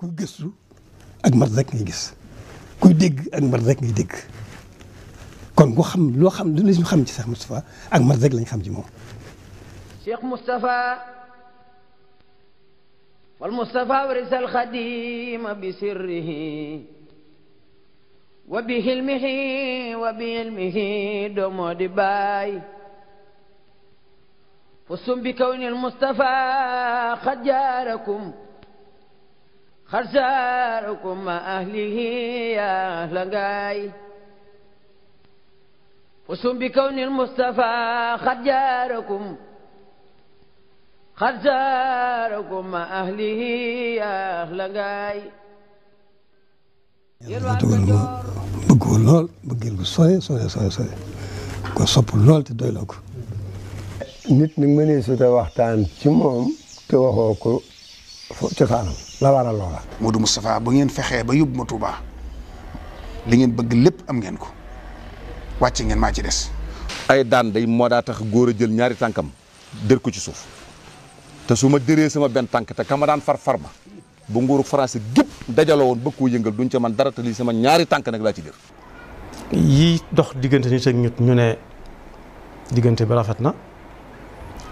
kuy gëstu ak mat rek ngay gis kuy dégg ak mat rek ngay dégg kon ku xam loo xam lu ñu xam ci Cheikh Moustapha ak mat rek lañ xam ci moom. Cheikh Moustapha wal Moustapha warisal xadima bi sirrihi wa bi xilmihi wa bi ilmihi doomoo di baay fusum bi kawnil Moustapha xajaarakum xarsaarukum ma ahlihi ya ahla ngaay fusum bi kawni almustafa xarjaarakum xarsaarakum ma ahlihi ya ahla ngaay yàlla dogal ma bëgg ko lool bëggeel ko sooye sooye sooye sooye lool te doyloo ko nit ni mënee su ta waxtaan ci moom te waxoo ko cosaanam la waral loola. Modou Moustapha bu ngeen fexee ba yóbbu ma Touba li ngeen bëgg lépp am ngeen ko wàcce ngeen maa ci des. ay daan day moo daa tax góor a jël ñaari tànkam dër ko ci suuf te su ma dëree sama benn tànk te ma daan far far ma bu nguuru français gépp dajaloo woon bëgg koo yëngal duñ ca man dara te lii sama ñaari tànk nag laa ci dër. yii dox diggante nit ak ñu ne diggante bi rafet na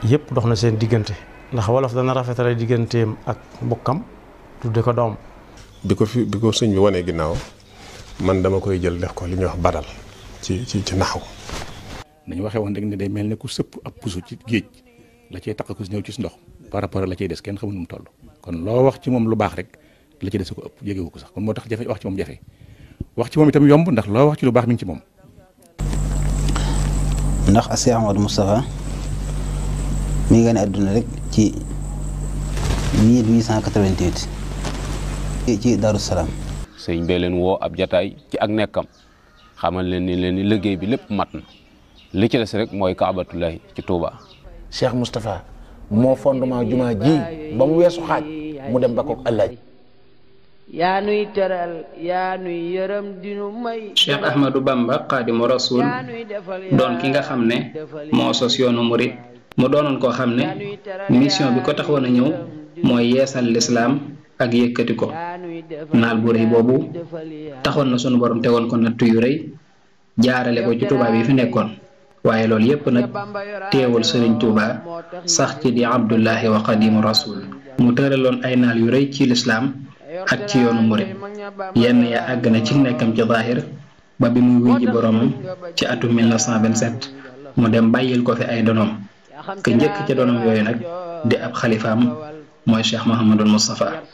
yëpp dox na seen diggante ndax wolof dana rafetale digganteem ak mbokkam. tudde ko doom bi ko fi bi ko sëñ bi wanee ginnaaw man dama koy jël def ko li ñuy wax badal ci ci ci naxaw nañu waxee woon rek ne day mel ne ku sëpp ab puso ci géej la cay taq ko si ñëw ci ndox par rapport la cay des kenn xamul nu mu toll kon loo wax ci moom lu baax rek la ci des ko ëpp jégewu ko sax kon moo tax jafe wax ci moom jafe wax ci moom itam yomb ndax loo wax ci lu baax mi ci moom ndax Cheikh Ahmadou Moustapha mi ngi gane àdduna rek ci 1888 ci Darou Salaam. sëñ bee leen woo ab jataay ci ak nekkam xamal leen ni leen ni liggéey bi lépp mat na li ci des rek mooy Kaabatullahi ci Touba. Cheikh Moustapha moo fondement juma ji ba mu weesu xaaj mu dem ba ko ëllëg. yaa nuy teral yaa nuy yërëm dinu may Cheikh Ahmadou Bamba xaadimu rasul doon ki nga xam ne moo sos yoonu murit mu doonoon koo xam ne mission bi ko taxoon a ñëw mooy yeesal lislaam ak yëkkati ko naal bu rëy boobu taxoon na sunu borom tegoon ko natt yu rëy jaarale ko ci tubaab yi fi nekkoon waaye loolu yépp nag teewul sëriñ Tuuba sax ci di Abdullahi wa Xadimu Rasul mu tëraloon ay naal yu rëy ci lislaam ak ci yoonu murit yenn ya àgg na ci nekkam ci zaahir ba bi muy wuy ji ci atum 1927 mu dem bàyyil ko fi ay donoom ke njëkk ca donoom yooyu nag di ab xalifaam mooy cheikh Mouhamadul Moustapha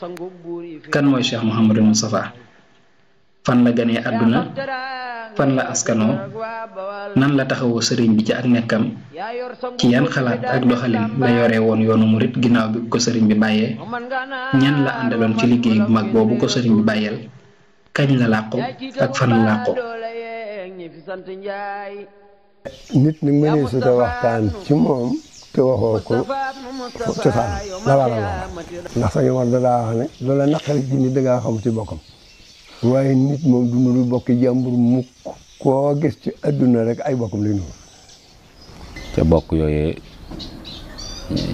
kan mooy cheikh Mouhamadul Moustapha fan la ganee àdduna fan la askanoo nan la taxawoo sëriñ bi ci ak nekkam ci yan xalaat ak doxalin la yore woon yoonu murit ginnaaw bi ko sëriñ bi bàyyee ñan la àndaloon ci liggéey bu mag boobu ko sëriñ bi bàyyeel kañ la làqu ak fan la làqu nit ñi mënee su waxtaan ci moom. te waxoo ko cosaan la waral ndax sañu war wax ne loola naqari jinni da ngaa xam ci bokkam waaye nit moom du nuru bokki jàmbur mukk koo gis ci adduna rek ay bokkam lay nuru ca bokk yooyee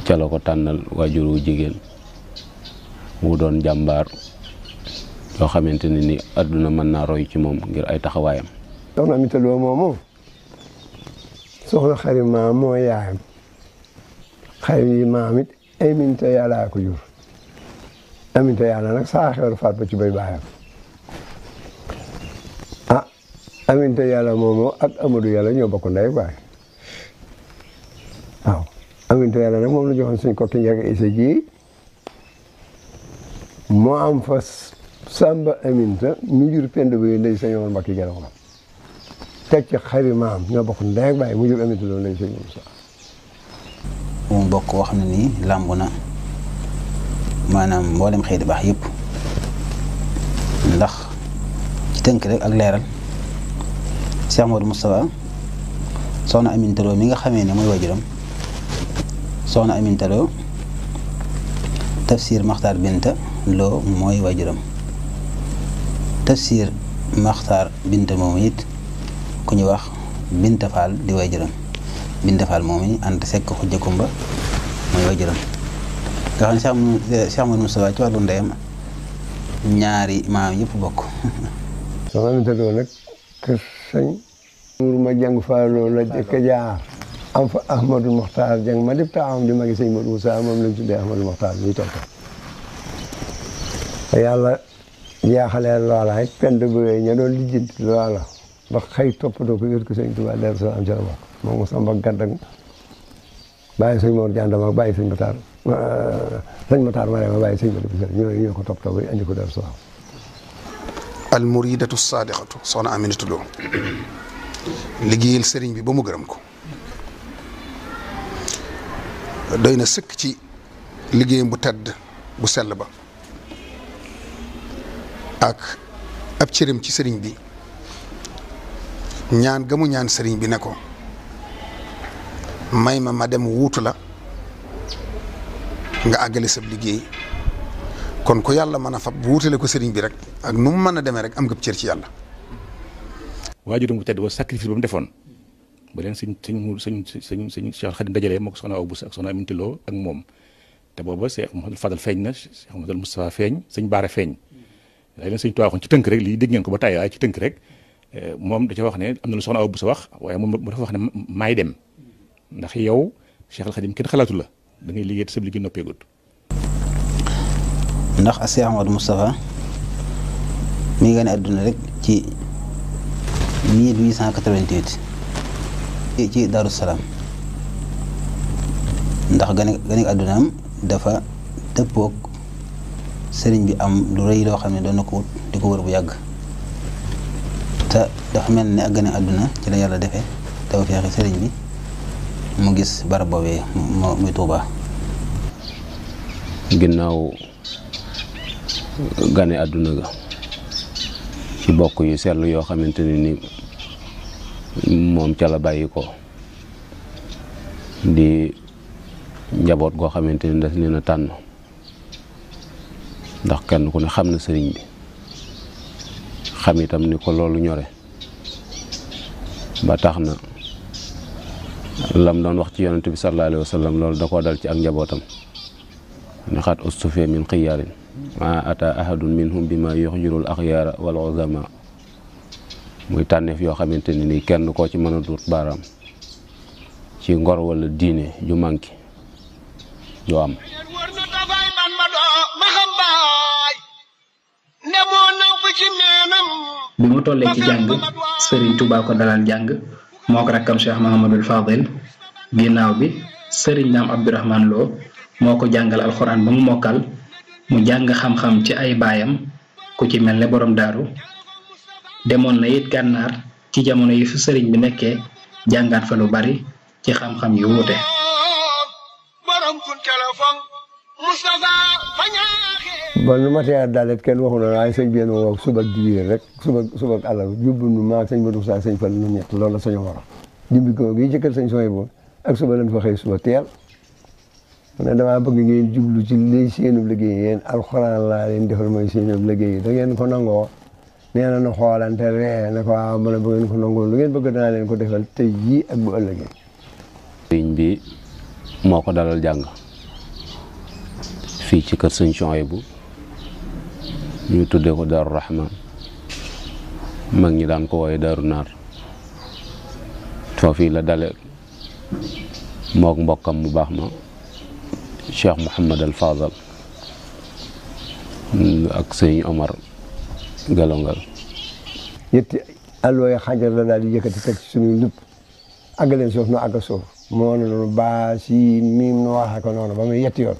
ca la ko tànnal waajur wu jigéen mu doon jàmbaar yoo xamante ni adduna mën naa roy ci moom ngir ay taxawaayam soxna mi taloo moomu soxna xarima moo yaayam xayma yi maam it aminta yàllaa ko jur aminta yàlla nag saa xewar faat ba ci bay baayam ah aminta yàlla moomoo ak Amadou yàlla ñoo bokk ndey baay waaw aminta yàlla nag moom la joxoon suñ kokki njëkk isa ji moo am fa samba aminta mu jur pend bu ndey sa yoon mbakki gelaw la teg ci xari maam ñoo bokk ndey baay mu jur aminta loolu lañ sëñ Moussa bu mu bokk boo xam ne nii làmb na maanaam mboolem xëy di baax yëpp ndax ci tënk rek ak leeral Cheikh Modou Moustapha soxna Aminta mi nga xamee ne mooy wajuram soxna Aminta Lo tafsir Maxtaar Binta Lo mooy wajuram tafsir Maxtaar Binta moom it ku ñu wax Binta Fall di wajuram Binta Fall moom yi ànd sekk xujja kumba mooy waajuram nga xam ne Cheikh Mouhamadou Moustapha ci wàllu ndeyam ñaari maam yëpp bokk. soxna ma jàng fa loolu la jëkk a jaar. am fa Ahmadou Mokhtar jàng ma def taawam moom lañ tuddee Ahmadou Mokhtar muy toog te ba xëy toppatoo ko la bokk moom Samba Gaddang bàyyi sëñ Mor Dianda euh, ma bàyyi sëñ Matar sëñ Matar ma ma bàyyi sëñ Mor ñoo ñoo ko toppatoo ba andi ko Darou Salaam. al muridatu sadiqatu soxna Aminata Lo liggéeyal sëriñ bi ba mu gërëm ko doy na sëkk ci liggéeyam bu tedd bu sell ba ak ab cëram ci sëriñ bi ñaan ga mu ñaan sëriñ bi ne ko. may ma ma dem wuutu la nga àggale sab liggéey kon ku yàlla man a fab wuutale ko sëriñ bi rek ak nu mu mën a demee rek am nga cër ci yàlla. waajuram bu tedd wa sacrifice ba mu defoon ba leen sëñ sëñ sëñ sëñ sëñ Cheikh Khadim moo ko soxna Awa Bousso ak soxna moom te booba Cheikh Mouhamadou Fadal feeñ na Cheikh Mouhamadou Moustapha feeñ sëñ Baara feeñ lay leen sëñ Tuubaa waxoon ci tënk rek lii dégg ngeen ko ba tey waaye ci tënk rek eh, moom da ca wax ne am na lu soxna bu Bousso wax waaye moom dafa wax ne maay dem ndax yow Cheikh Al kenn xalaatu la da ngay liggéey te sa liggéey noppeegut ndax a Cheikh Ahmadou Moustapha mi nga ne àdduna rek ci 1888 eh, ci Daaru Salaam ndax gane gane àddunaam dafa dëppoog sëriñ bi am lu rëy loo xam ne doon na ko wut di ko wër bu yàgg te dafa mel ne ak gane àdduna ci la yàlla defee taw feexi sëriñ bi mu gis barab boobee muy Touba. ginnaaw gane àdduna ga ci bokk yu seetlu yoo xamante ne ni moom ca la bàyyi ko di njaboot goo xamante ni daf leen tànn ndax kenn ku ne xam na sëriñ bi xam itam ni ko loolu ñore ba tax na. lam doon wax ci yonent bi sallallahu alayhi wa sallam loolu da koo dal ci ak njabootam ne xaat ustufe min xiyaarin ma ata ahadun minhum bi ma yuxjirul axyaara wal uzama muy tànneef yoo xamante ne nii kenn koo ci mën a duut baaraam ci ngor wala diine ju manki ju am bi mu tollee ci jàng Serigne Touba ko dalaan jàng moo ko rakkam Cheikh Mahamadul Fadil ginnaaw bi sëriñ Daam Abdourahman Lo moo ko jàngal alxuraan ba mu mokkal mu jàng xam-xam ci ay baayam ku ci mel ni boroom daaru demoon na it gànnaar ci jamono yi fi sëriñ bi nekkee jàngaat fa lu bari ci xam-xam yu wuute. ba nu ma tee daal kenn waxu na waaye sëñ bi moom suba dibiir rek suba suba àll jubbu nu maa sëñ Badou Moussa sëñ Fall nu ñett loolu la suñu war dimbi ko gi ci kër sëñ sooy bu ak suba lañ fa xëy suba teel mu ne damaa bëgg ngeen jublu ci li seenub liggéey yéen alxuraan laa leen defal mooy seenub liggéey da ngeen ko nangoo nee na nu xoolante na ne ko waaw mën bu ngeen ko nangoo lu ngeen bëgg danaa leen ko defal tey jii ak bu bi moo ko dalal jàng fii ci kër sëñ bu ñu tuddee ko daaru rahman mag ñi daan ko wooye daaru naar foofii la dale mook mbokkam mu baax ma cheikh mouhamad al fadal ak sëñ omar galongal ñetti alooy xajar la daal di yëkkati teg ci suñu lépp àgg leen suuf nu moo ne noonu miim nu waxee ko noonu ba muy yetti yoon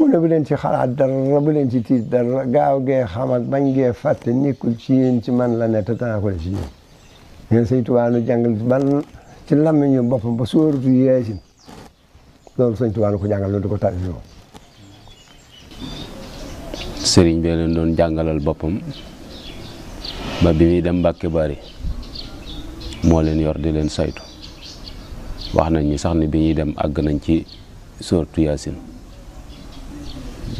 mu ne leen ci xalaat dara bu leen ci tiit dara gaaw gee xamal bañ gee fàtte nekkul ci yéen ci man la ne te tanaa ko ci yéen ngeen sëñ Tuubaa nu jàngal ban ci làmmiñu boppam ba sóoratu Yaasin loolu sëñ Tuubaa nu ko jàngal loolu di ko tàlli loo leen doon jàngalal boppam ba bi muy dem Mbàkke Bari moo leen yor di leen saytu wax nañ ñi sax ni bi ñuy dem àgg nañ ci sóoratu Yaasin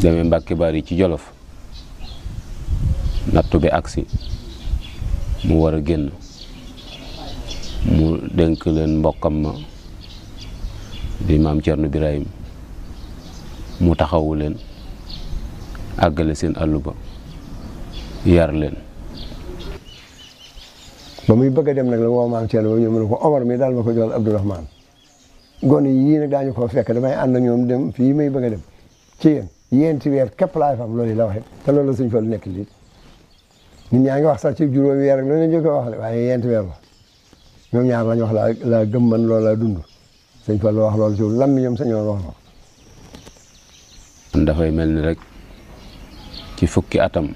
demee Mbàkke Bari ci Jolof nattu bi agsi mu war a génn mu dénk leen mbokkam ma di maam Cerno Birahim mu taxawu leen àggale seen àllu ba yar leen ba muy bëgg a dem nag la woo maam Cerno ba ñu ne ko mi daal ma ko joxal Abdourahmane gone yii nag daañu ko fekk damay ànd ak ñoom dem fii may bëgg dem ci yéenti weer képp laay fam loolu la waxe te loolu la suñ nekk lii nit ñaa ngi wax sax ci juróomi weer rek loolu la ñu wax waaye yéenti weer la ñoom wax laa laa gëm man loolu laa dund suñ fa lu wax loolu ci lam mi ñoom sañoon wax loolu kon dafay mel ni rek ci fukki atam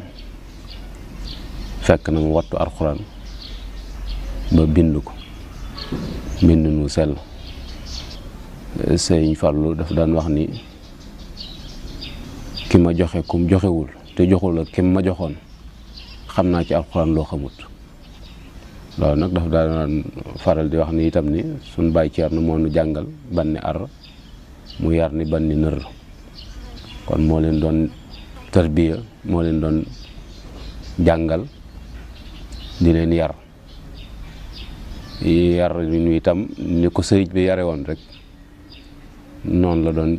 fekk na mu wattu alxuraan ba bind ko mbind mu sell sëñ Fallou daf daan wax ni ki ma joxe kum joxewul te joxul ak kim ma joxoon xam naa ci alxuraan loo xamut loolu nag daf daan faral di wax ni itam ni suñ bàyyi ci na moo nu jàngal ban ni ar mu yar ni ban ni nër kon moo leen doon tarbiya moo leen doon jàngal di leen yar yar ñu itam ni ko sëriñ bi yare woon rek noonu la doon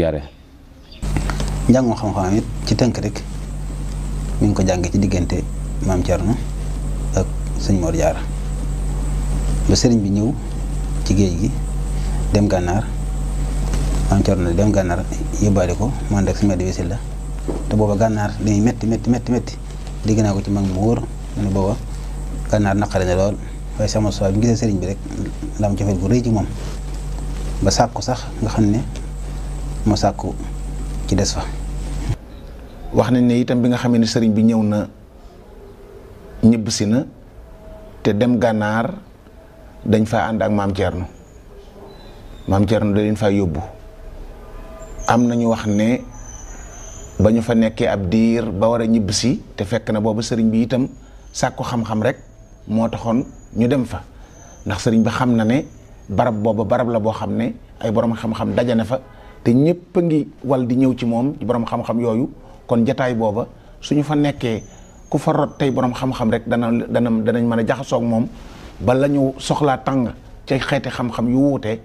yare njàngum xam-xam it ci tënk rek mi ngi ko jàngee ci diggante maam Thierno ak sëñ Mor Diarra ba sëriñ bi ñëw ci géej gi dem gànnaar maam Thierno dem gànnaar yóbbaale ko mu ànd ak ma Madi Wisil la te booba gànnaar dañuy métti métti métti métti dégg naa ko ci mag mu wóor mu ne booba gànnaar naqari na lool waaye sama soo bi gisee sëriñ bi rek la am cofeel gu rëy ci moom ba sàkku sax nga xam ne mu sàkku ci des fa wax nañ ne itam bi nga xamee ne sëriñ bi ñëw na ñibbisi na te dem gànnaar dañ fa ànd ak maam Thierno maam Thierno da leen fa yóbbu am na ñu wax ne ba ñu fa nekkee ab diir ba war a ñibb te fekk na boobu sëriñ bi itam sàkku xam-xam rek moo taxoon ñu dem fa ndax sëriñ bi xam na ne barab booba barab la boo xam ne ay boroom xam-xam dajane fa te ñëpp a ngi wal di ñëw ci moom boroom xam-xam yooyu kon jataay booba su ñu fa nekkee ku fa rot tey boroom xam-xam rek dana dana danañ mën a jaxasoog moom ba la ñu soxlaa tàng ca xeeti xam-xam yu wuute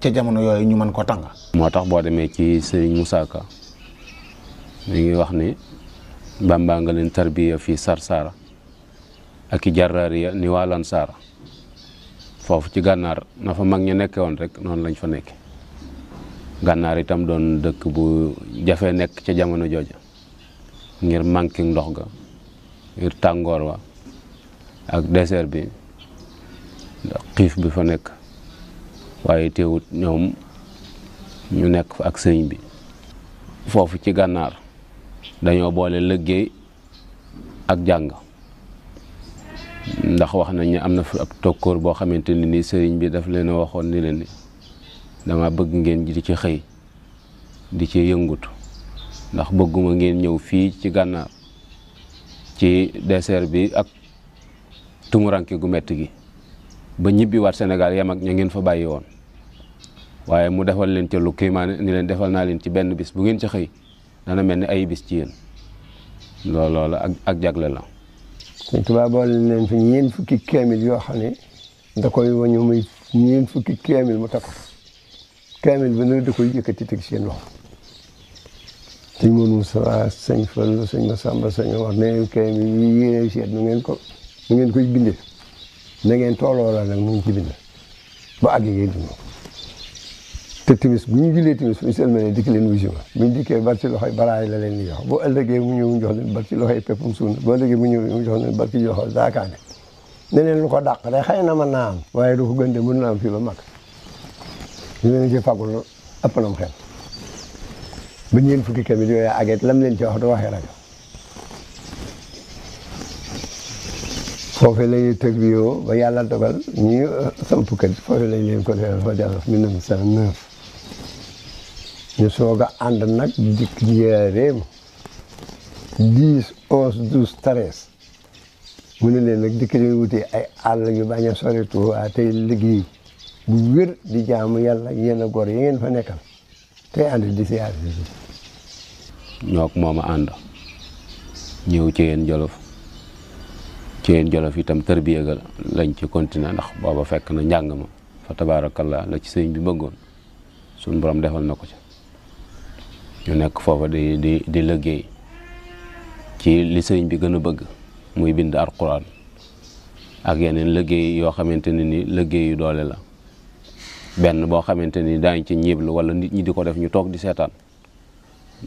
ca jamono yooyu ñu mën ko tàng. moo tax boo demee ci sëriñ Moussa Ka mi ngi wax ni Bàmbaa nga leen tarbiya fii saara ak i jarraariya ni waa saara foofu ci gànnaar na fa mag ñu nekkee woon rek noonu lañ fa nekke gànnaar itam doon dëkk bu jafe nekk ca jamono jooja ngir manqué ndox ga ngir tàngoor wa ak désert bi ndax xiif bi fa nekk waaye teewut ñoom ñu nekk fa ak sëñ bi foofu ci gànnaar dañoo boole liggéey ak jàng ndax wax nañ ne am na fa ab tokkoor boo xamante ni nii sëriñ bi daf leen waxoon ni leen dama bëgg ngeen di ci xëy di ci yëngutu ndax bëgguma ngeen ñëw fii ci gànnaar ci désert bi ak tumuranke gu metti gi ba ñibbiwaat senegal yam ak ña ngeen fa bàyyi woon waaye mu defal leen ca lu kiimaane ni leen defal naa leen ci benn bis bu ngeen ci xëy dana mel ni ay bis ci yéen loolu loolu ak jagle la Sëñ Tuubaa boole leen fi ñeen fukki kéemil yoo xam ne da koy wañu muy ñeen fukki kéemil takk kaamil ba nag da koy yëkkati teg seen loxo sëñ Modou Moustapha sëñ Fallu sëñ Massamba sëñ wax ne leen kaamil yi yéene seet nu ngeen ko nu ngeen koy bindee na ngeen tooloo la nag mu ngi ci bind ba àgg ngeen dund te timis bu ñu jullee timis bu ñu sëlmalee dikk leen wusi ma bu ñu dikkee bar ci loxoy baraay la leen di jox bu ëllëgee mu ñëw mu jox leen bar ci loxoy peppum suuna bu ëllëgee mu ñëw mu jox leen bar ci loxoy daakaane ne leen lu ko na mën naa am waaye du ko fii ba mag dinañ ci fagul ëpp na mu xel ba ñeen fukki tamit yooyu àgget lam leen ci wax du waxee rajo foofe la ñuy tëg bi ba yàlla dogal ñu euh, samp kër foofe lañ leen ko defal fa defal 1909 ñu soog a ànd nag dikk njëreem 10 11 12 13 mu ne leen nag dikk leen wuti ay àll yu bañ a sori Tuubaa tey liggéey bu wér di jaamu yàlla yéen a gor yi fa nekkal tey ànd di siyaare si ñoo moom a ànd ñëw ci jolof ci yéen jolof itam tërbiya ga lañ ci continuer ndax booba fekk na njàng ma fa tabaarakallaa la ci sëñ bi bëggoon suñ borom defal na ko ci ñu nekk foofa di di di liggéey ci li sëñ bi gën a bëgg muy bind alxuraan ak yeneen liggéey yoo xamante ne ni liggéey yu doole la benn boo xamante ni daañu ci ñiiblu wala nit ñi di ko def ñu toog di seetaan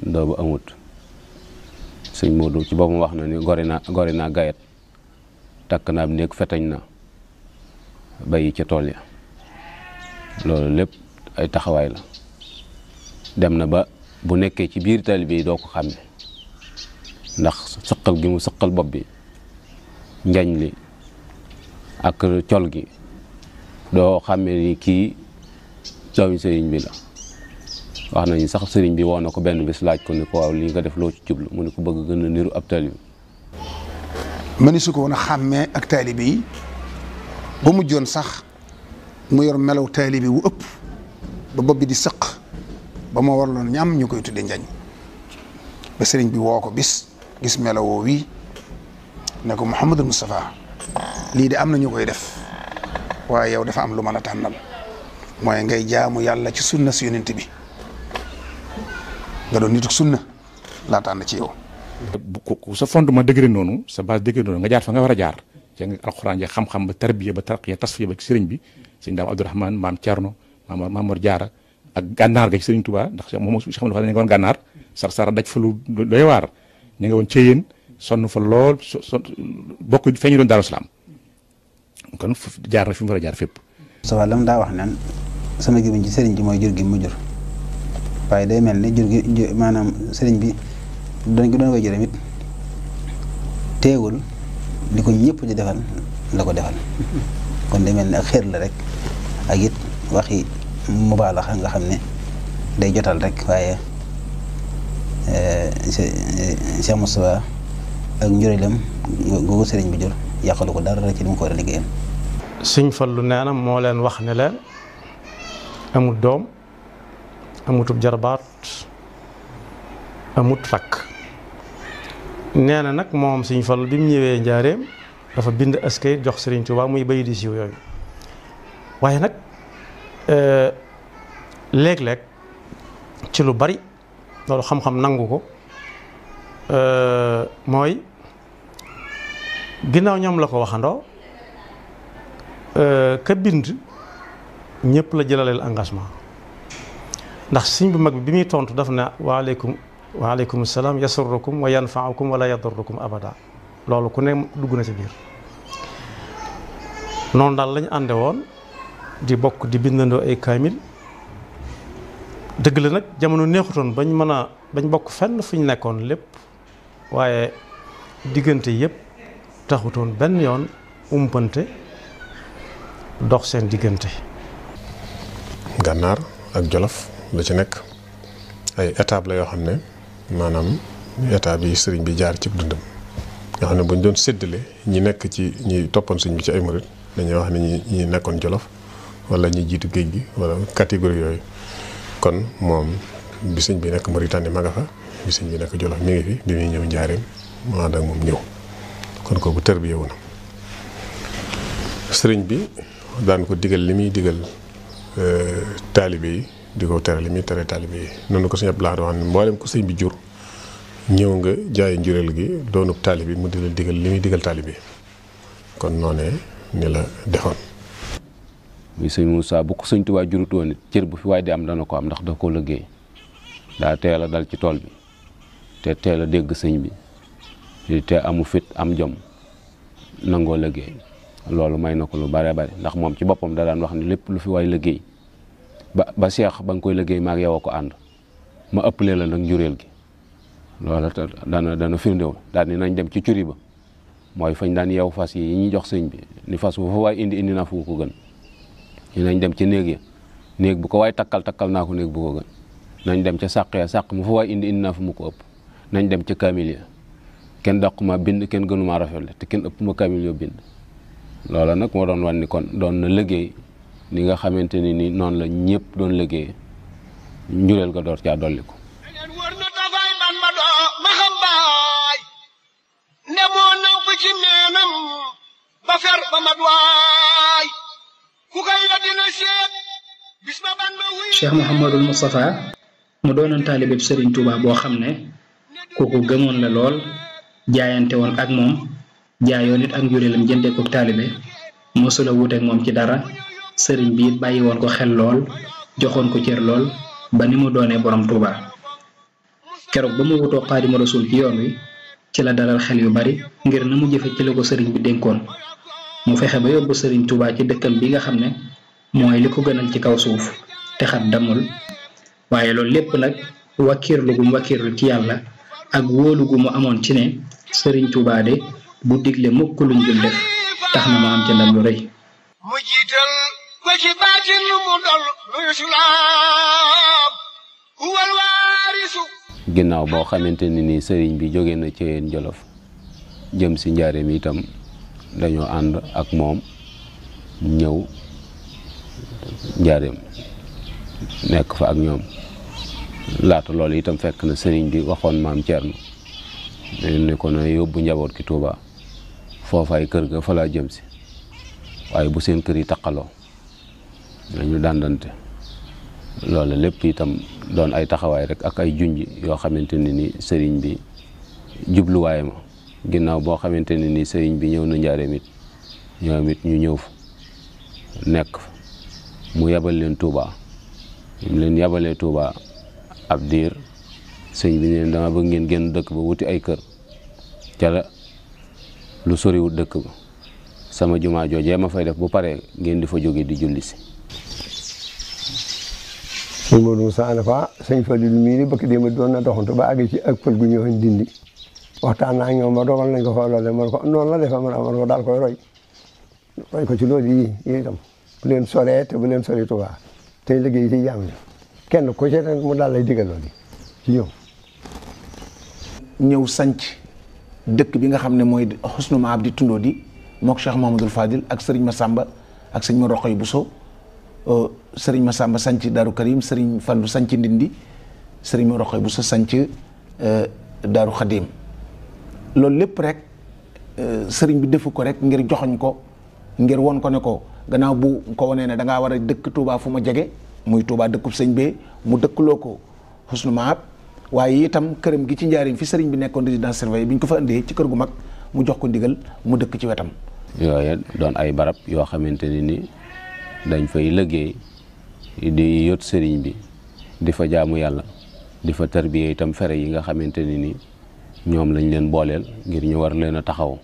ndoobu amut sëñ Modou ci boppam wax na ni gori naa gori naa gayet takk naa néeg fetañ na bayi ca tool ya loolu lépp ay taxawaay la dem na ba bu nekkee ci biir taalibe yi doo ko xàmme ndax sëqal gi mu sëqal bopp bi njañ li ak col gi doo xàmme ni kii coomi sëriñ bi la wax nañu sax sëriñ bi woo na ko benn bis laaj ko ni ko waaw lii nga def loo ci jublu mu ne ko bëgg gën a niru ab taalibe mëni su ko woon a xàmmee ak taalibe yi ba mu joon sax mu yor melaw taalibe wu ëpp ba bopp bi di sëq ba ma warloon ñam ñu koy tudde njañ ba sëriñ bi woo ko bis gis melawoo wi ne ko Mouhamadul Moustapha lii de am na ñu koy def waaye yow dafa am lu ma la tànnal mooy ngay jaamu yàlla ci sunna si yonent bi nga doon nitu sunna laataan na ci yow. ku sa fondement dëgëre noonu sa base dëgëre noonu nga jaar fa nga war a jaar ci alxuraan ja xam-xam ba tarbiya ba tarqiya tasfiya ba ci sëriñ bi sëñ daam Abdourahmane maam Thierno maam Mamor Diarra ak gànnaar ga ci sëriñ Touba ndax moom si xam nga dañu ko woon gànnaar sar sara daj fa lu doy waar ñu nga woon Ceyeen sonn fa lool so so bokk feeñu doon Daaru Salaam kon jaar na fi war a jaar fépp. sa wàllam daa wax naan. sama gémmiñ ci sëriñ bi mooy jur gi mu jur waaye day mel ni jur gi maanaam sëriñ bi dañ ko doon koy jëram it li ko ñëpp di defal la ko defal kon day mel ni ak xeer la rek ak it waxi mubaalaxa nga xam ne day jotal rek waaye eh, eh, Cheikh Moustapha ak njureelam googu sëriñ bi jur yàqalu ko dara ci li mu war a liggéeyal. Sëñ Fallu nee moo leen wax ne leen. amut doom amutub jarbaat amut rakk nee na nag moom Sëriñ Fallu bi mu ñëwee njaareem dafa bind askayit jox Sëriñ Tuubaa muy bay di siiw yooyu waaye nag euh, léeg-léeg ci lu bari loolu xam-xam nangu ko euh, mooy ginnaaw ñoom la ko waxandoo euh, ka bind ñëpp la jëlaleel engagement ndax sëñ bu mag bi bi muy tontu daf ne waaleykum waaleykum salaam yasurrukum wa yanfaakum wala yadurrukum abada loolu ku ne dugg na si biir noonu daal lañ ànde woon di bokk di bindandoo ay kaamil dëgg la nag jamono neexutoon bañ mën a bañ bokk fenn fu ñu nekkoon lépp waaye diggante yëpp taxutoon benn yoon umpante dox seen diggante gànnaar ak jolof lu ci nekk ay étape la yoo xam ne maanaam étape yi sëriñ bi jaar ci dundam nga xam ne bu ñu doon séddale ñi nekk ci ñi toppoon sëriñ bi ci ay murit dañuy wax ni ñi ñi nekkoon jolof wala ñi jiitu géej gi wala catégorie yooyu kon moom bi bi nekk Mauritanie ma nga bi nekk jolof mi ngi fi bi muy ñëw njaareem mu ànd moom ñëw kon kooku tër bi yow sëriñ bi daan ko digal li muy digal Euh, taalibe yi di ko tere li muy tere taalibe yi noonu ko sëñ Abdou Lahad wax ne mboolem ko sëñ bi jur ñëw nga jaay njureel gi doonub taalibe mu di la digal li muy digal taalibe kon noonee ni la defoon muy sëñ Moussa bu ko sëñ Tuubaa jurut woon it cër bu fi waay di am dana ko am ndax daf ko liggéey daa teel a dal ci tool bi te teel a dégg sëñ bi te amu fit am jom nangoo liggéey loolu may na ko lu bare bare ndax moom ci boppam da daan wax ni lépp lu fi way liggéey ba ba seex ba nga koy liggéey maag ko ànd ma ëppalee la nag njuréel gi loolu dana dana firndéw daal ni nañ dem ci curi ba mooy fañ daan yeew fas yi ñuy jox sëñ bi ni fas bu fa waay indi indi na fu ko gën ñu nañ dem ci néeg ya néeg bu ko waay takkal takkal naa ko néeg bu ko gën nañ dem ca sàq ya sàq mu fa indi indi naa fu mu ko ëpp nañ dem ca kaamil ya kenn dàqu ma bind kenn gënu maa rafet te kenn ëpp ma kaamil yoo bind loola nag moo doon wan kon doon na liggéey li nga xamante ni ni noonu la ñëpp doon liggéey njureel ga door caa dolli ko ba fer ba mat waay ku koy la dina seet bis ma ban ba wuy Cheikh Mouhamadul Moustapha mu doonoon taalibeeb Serigne Touba boo xam ne kooku gëmoon la lool jaayante woon ak moom jaayoon it ak njureelam jëndee ko taalibe mosula wuuteeg moom ci dara sëriñ bi it bàyyi woon ko xel lool joxoon ko cër lool ba ni mu doonee boroom Touba. keroog ba mu wutoo Xaadimu Rasuul ci yoon wi ci la dalal xel yu bari ngir na mu jëfe ci la ko sëriñ bi dénkoon mu fexe ba yóbbu sëriñ Touba ci dëkkam bi nga xam ne mooy li ko gënal ci kaw suuf te xat damul waaye loolu lépp nag wakiirlu gu mu ci yàlla ak wóolu mu amoon ci ne sëriñ Touba bu digle mukk luñ dul tax na ma am ca ndam lu rëy mu jiital ko ci baatin lu mu dol luy sulaab huwal waarisu ginnaaw boo xamante ne nii sëriñ bi jóge na Ceyeen Jolof jëm si njaareem itam dañoo ànd ak moom ñëw njaareem nekk fa ak ñoom laata loolu itam fekk na sëriñ bi waxoon maam Thierno ne ko na yóbbu njaboot ki Touba foofaay kër ga fa laa jëm si waaye bu seen kër yi taqaloo dañu dàndante loolu lépp itam doon ay taxawaay rekk ak ay junj yoo xamante ne ni sëriñ bi jubluwaay ma ginnaaw boo xamante ni sëriñ bi ñëw na njaareem it ñu ñëw fa nekk mu yabal leen Touba mu leen yabalee tuuba ab diir sëñ bi ne dama bëgg ngeen génn dëkk ba wuti ay kër ca lu soriwul dëkk ba sama jumaa joojee ma fay def bu pare ngeen di fa jóge di julli si sëñ Modou Moussa Anafa ah, sëñ Falil mii ni bëkk démb doon na doxantu ba àgg ci ak pël gu ñëwoon dindi waxtaan naa ñoom nañ ko fa loole ko ci loolu yi yi itam te bu leen sori Tuubaa tey kenn ku ci mu ñëw sanc dëkk bi nga xam ne mooy xusnu maab di tundoo di mook Cheikh Mahamadul Fadil ak sëriñ Masamba ak sëriñ ma roqoy Buso sëriñ Masamba sanc Daaru Karim sëriñ Fallu sanc Ndindi sëriñ ma bu Buso sañc euh, Daaru Xadim loolu lépp rek euh, sëriñ bi defu ko rek ngir joxoñ ko ngir won ko ne ko gannaaw bu ko wanee ne da war a dëkk Touba fu ma jege muy Touba dëkkub sëñ be mu dëkkloo ko xusnu maab waaye itam këram gi ci njaarim fi sëriñ bi nekkoon résidence surveillée bi ñu ko fa indee ci kër gu mag mu jox ko ndigal mu dëkk ci wetam. yooyu doon ay barab yoo xamante ne ni dañ fay liggéey di yot sëriñ bi di fa jaamu yàlla di fa tarbiye itam fere yi nga xamante ne ni ñoom lañ leen booleel ngir ñu war leen a taxaw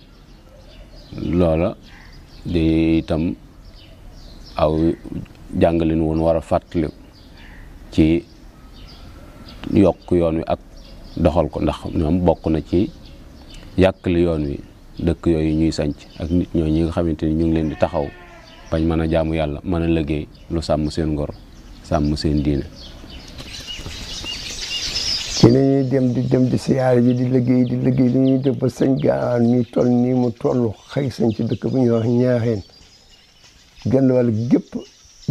loola di itam aw jàngalin woon war a fàttali ci yokk yoon wi ak doxal ko ndax ñoom bokk na ci yàqli yoon wi dëkk yooyu ñuy sanc ak nit ñoo ñi nga xamante ni ñu ngi leen di taxaw bañ mën a jaamu yàlla mën a liggéey lu sàmm seen ngor sàmm seen diine ci la ñuy dem di dem di siyaare di liggéey di liggéey li ñuy def ba sëñ gaawaan ah, mi toll nii mu toll xëy sañ dëkk bu ñuy wax ñaaxeen genn wàll gépp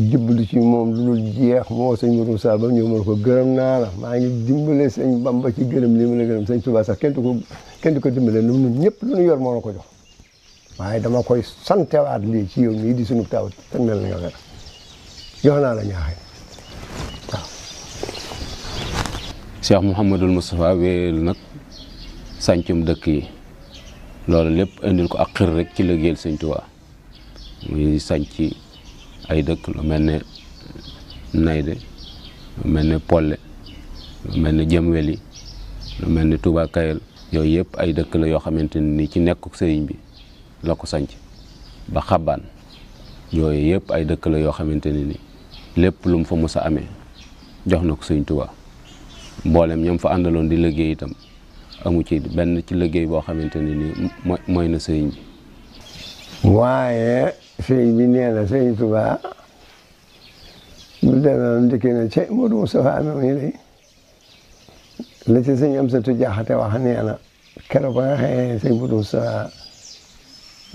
jublu ci moom lu dul jeex moo sëñ Mourou Moussa ba ñëw mën ko gërëm naa maa ngi dimbale sëñ Bamba ci gërëm li mu la gërëm sëñ Touba sax kenn ko kenn du ko dimbale ñun ñëpp lu yor moo la ko jox waaye dama koy santewaat lii ci yow mii di sunu taw te mel na nga wér jox naa la ñaaxee waaw. Cheikh Mouhamadul Moustapha wéyal nag sàncum dëkk yi loolu lépp indil ko ak xir rek ci liggéeyal sëñ Touba muy sànci. ay dëkk lu mel ne Nayde de mel ne Polle lu mel ne Jëmweli lu mel ne Touba Kayel yooyu yëpp ay dëkk la yoo xamante ni ci nekkuk sëriñ bi la ko sanc ba xabaan yooyu yëpp ay dëkk la yoo xamante ne ni lépp lum fa mos a amee jox na ko sëriñ Touba mboolem ñoom fa àndaloon di liggéey itam amu ci benn ci liggéey boo xamante ne ni mooy na sëriñ bi waaye sëriñ bi nee na sëriñ Tuubaa bu delloo dikkee na ca Modou Moustapha amee ma lay la ci sëñ Amsatu Jaxate wax nee na keroog ba nga xëyee sëñ Modou Moustapha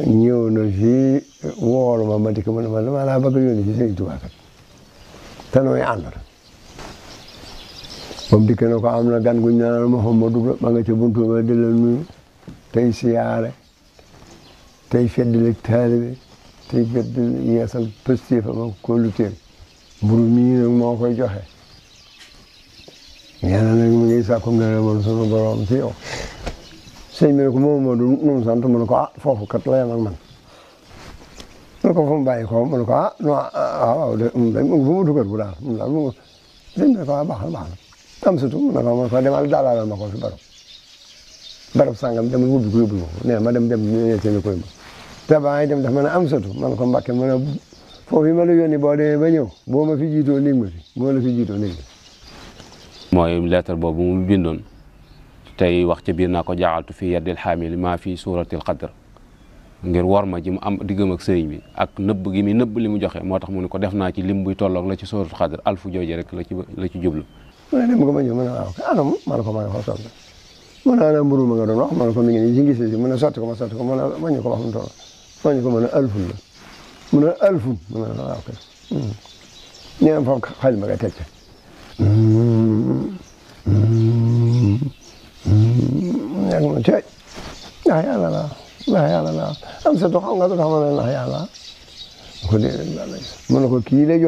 ñëw na fii woolu ma ma dikk mu ne ma dama laa bëgg a yónni ci sëriñ Tuubaa kat te nooy ànd moom dikk na ko am na gan guñ naan ma nga ca buntu ma di la nuyu tey siyaare tey fedd lig taalibe te gëdd yeesal pëstéefam ak kóoluteem mburu mii nag moo koy joxe nee na nag mu ngi sàkku ngërëmal sunu borom si yow sëñ bi ne ko moom moo du num sant mu ne ko ah foofu kat la yam ak man mu ne ko fu mu bàyyi ko mu ah, ah, ah, mu dugal mu mu sëñ bi ne ko ah baax na baax na tam ma ko demal daalaalal ma ko fi barab barab sàngam demal wubbi ko yóbbul ma nee dem dem nee seen koy ma tabax itam daf mën a am sotu man ko Mbàkke mën a foofu yi ma la yónni boo demee ba ñëw boo ma fi jiitoo néeg ma fi boo la fi jiitoo néeg ma mooy lettre boobu mu bindoon tey wax ci biir naa ko jaaxaltu fii yaddil xaamil maa fii suuratil xadr ngir war ma ji mu am diggam ak sëriñ bi ak nëbb gi mi nëbb li mu joxe moo tax mu ne ko def naa ci lim buy tolloog la ci suuratul xadr alfu jooje rek la ci la ci jublu mu ne dem nga ma ñëw ma ne waaw anam ma ne ko ma ne ko sotti mu ne ana mburu ma nga doon wax ma ne ko mi ngi nii si ngi si mu ne sotti ko ma sotti ko ma ne ma ñu ko wax mu toll ñu ko a alfun la mu ne alfun mu ne waaw kay hmm. ñeem fam xalima nga teg hmm. la ndax yàlla la am sa doxam nga doxam ne ndax yàlla ko dee mu ne ko kii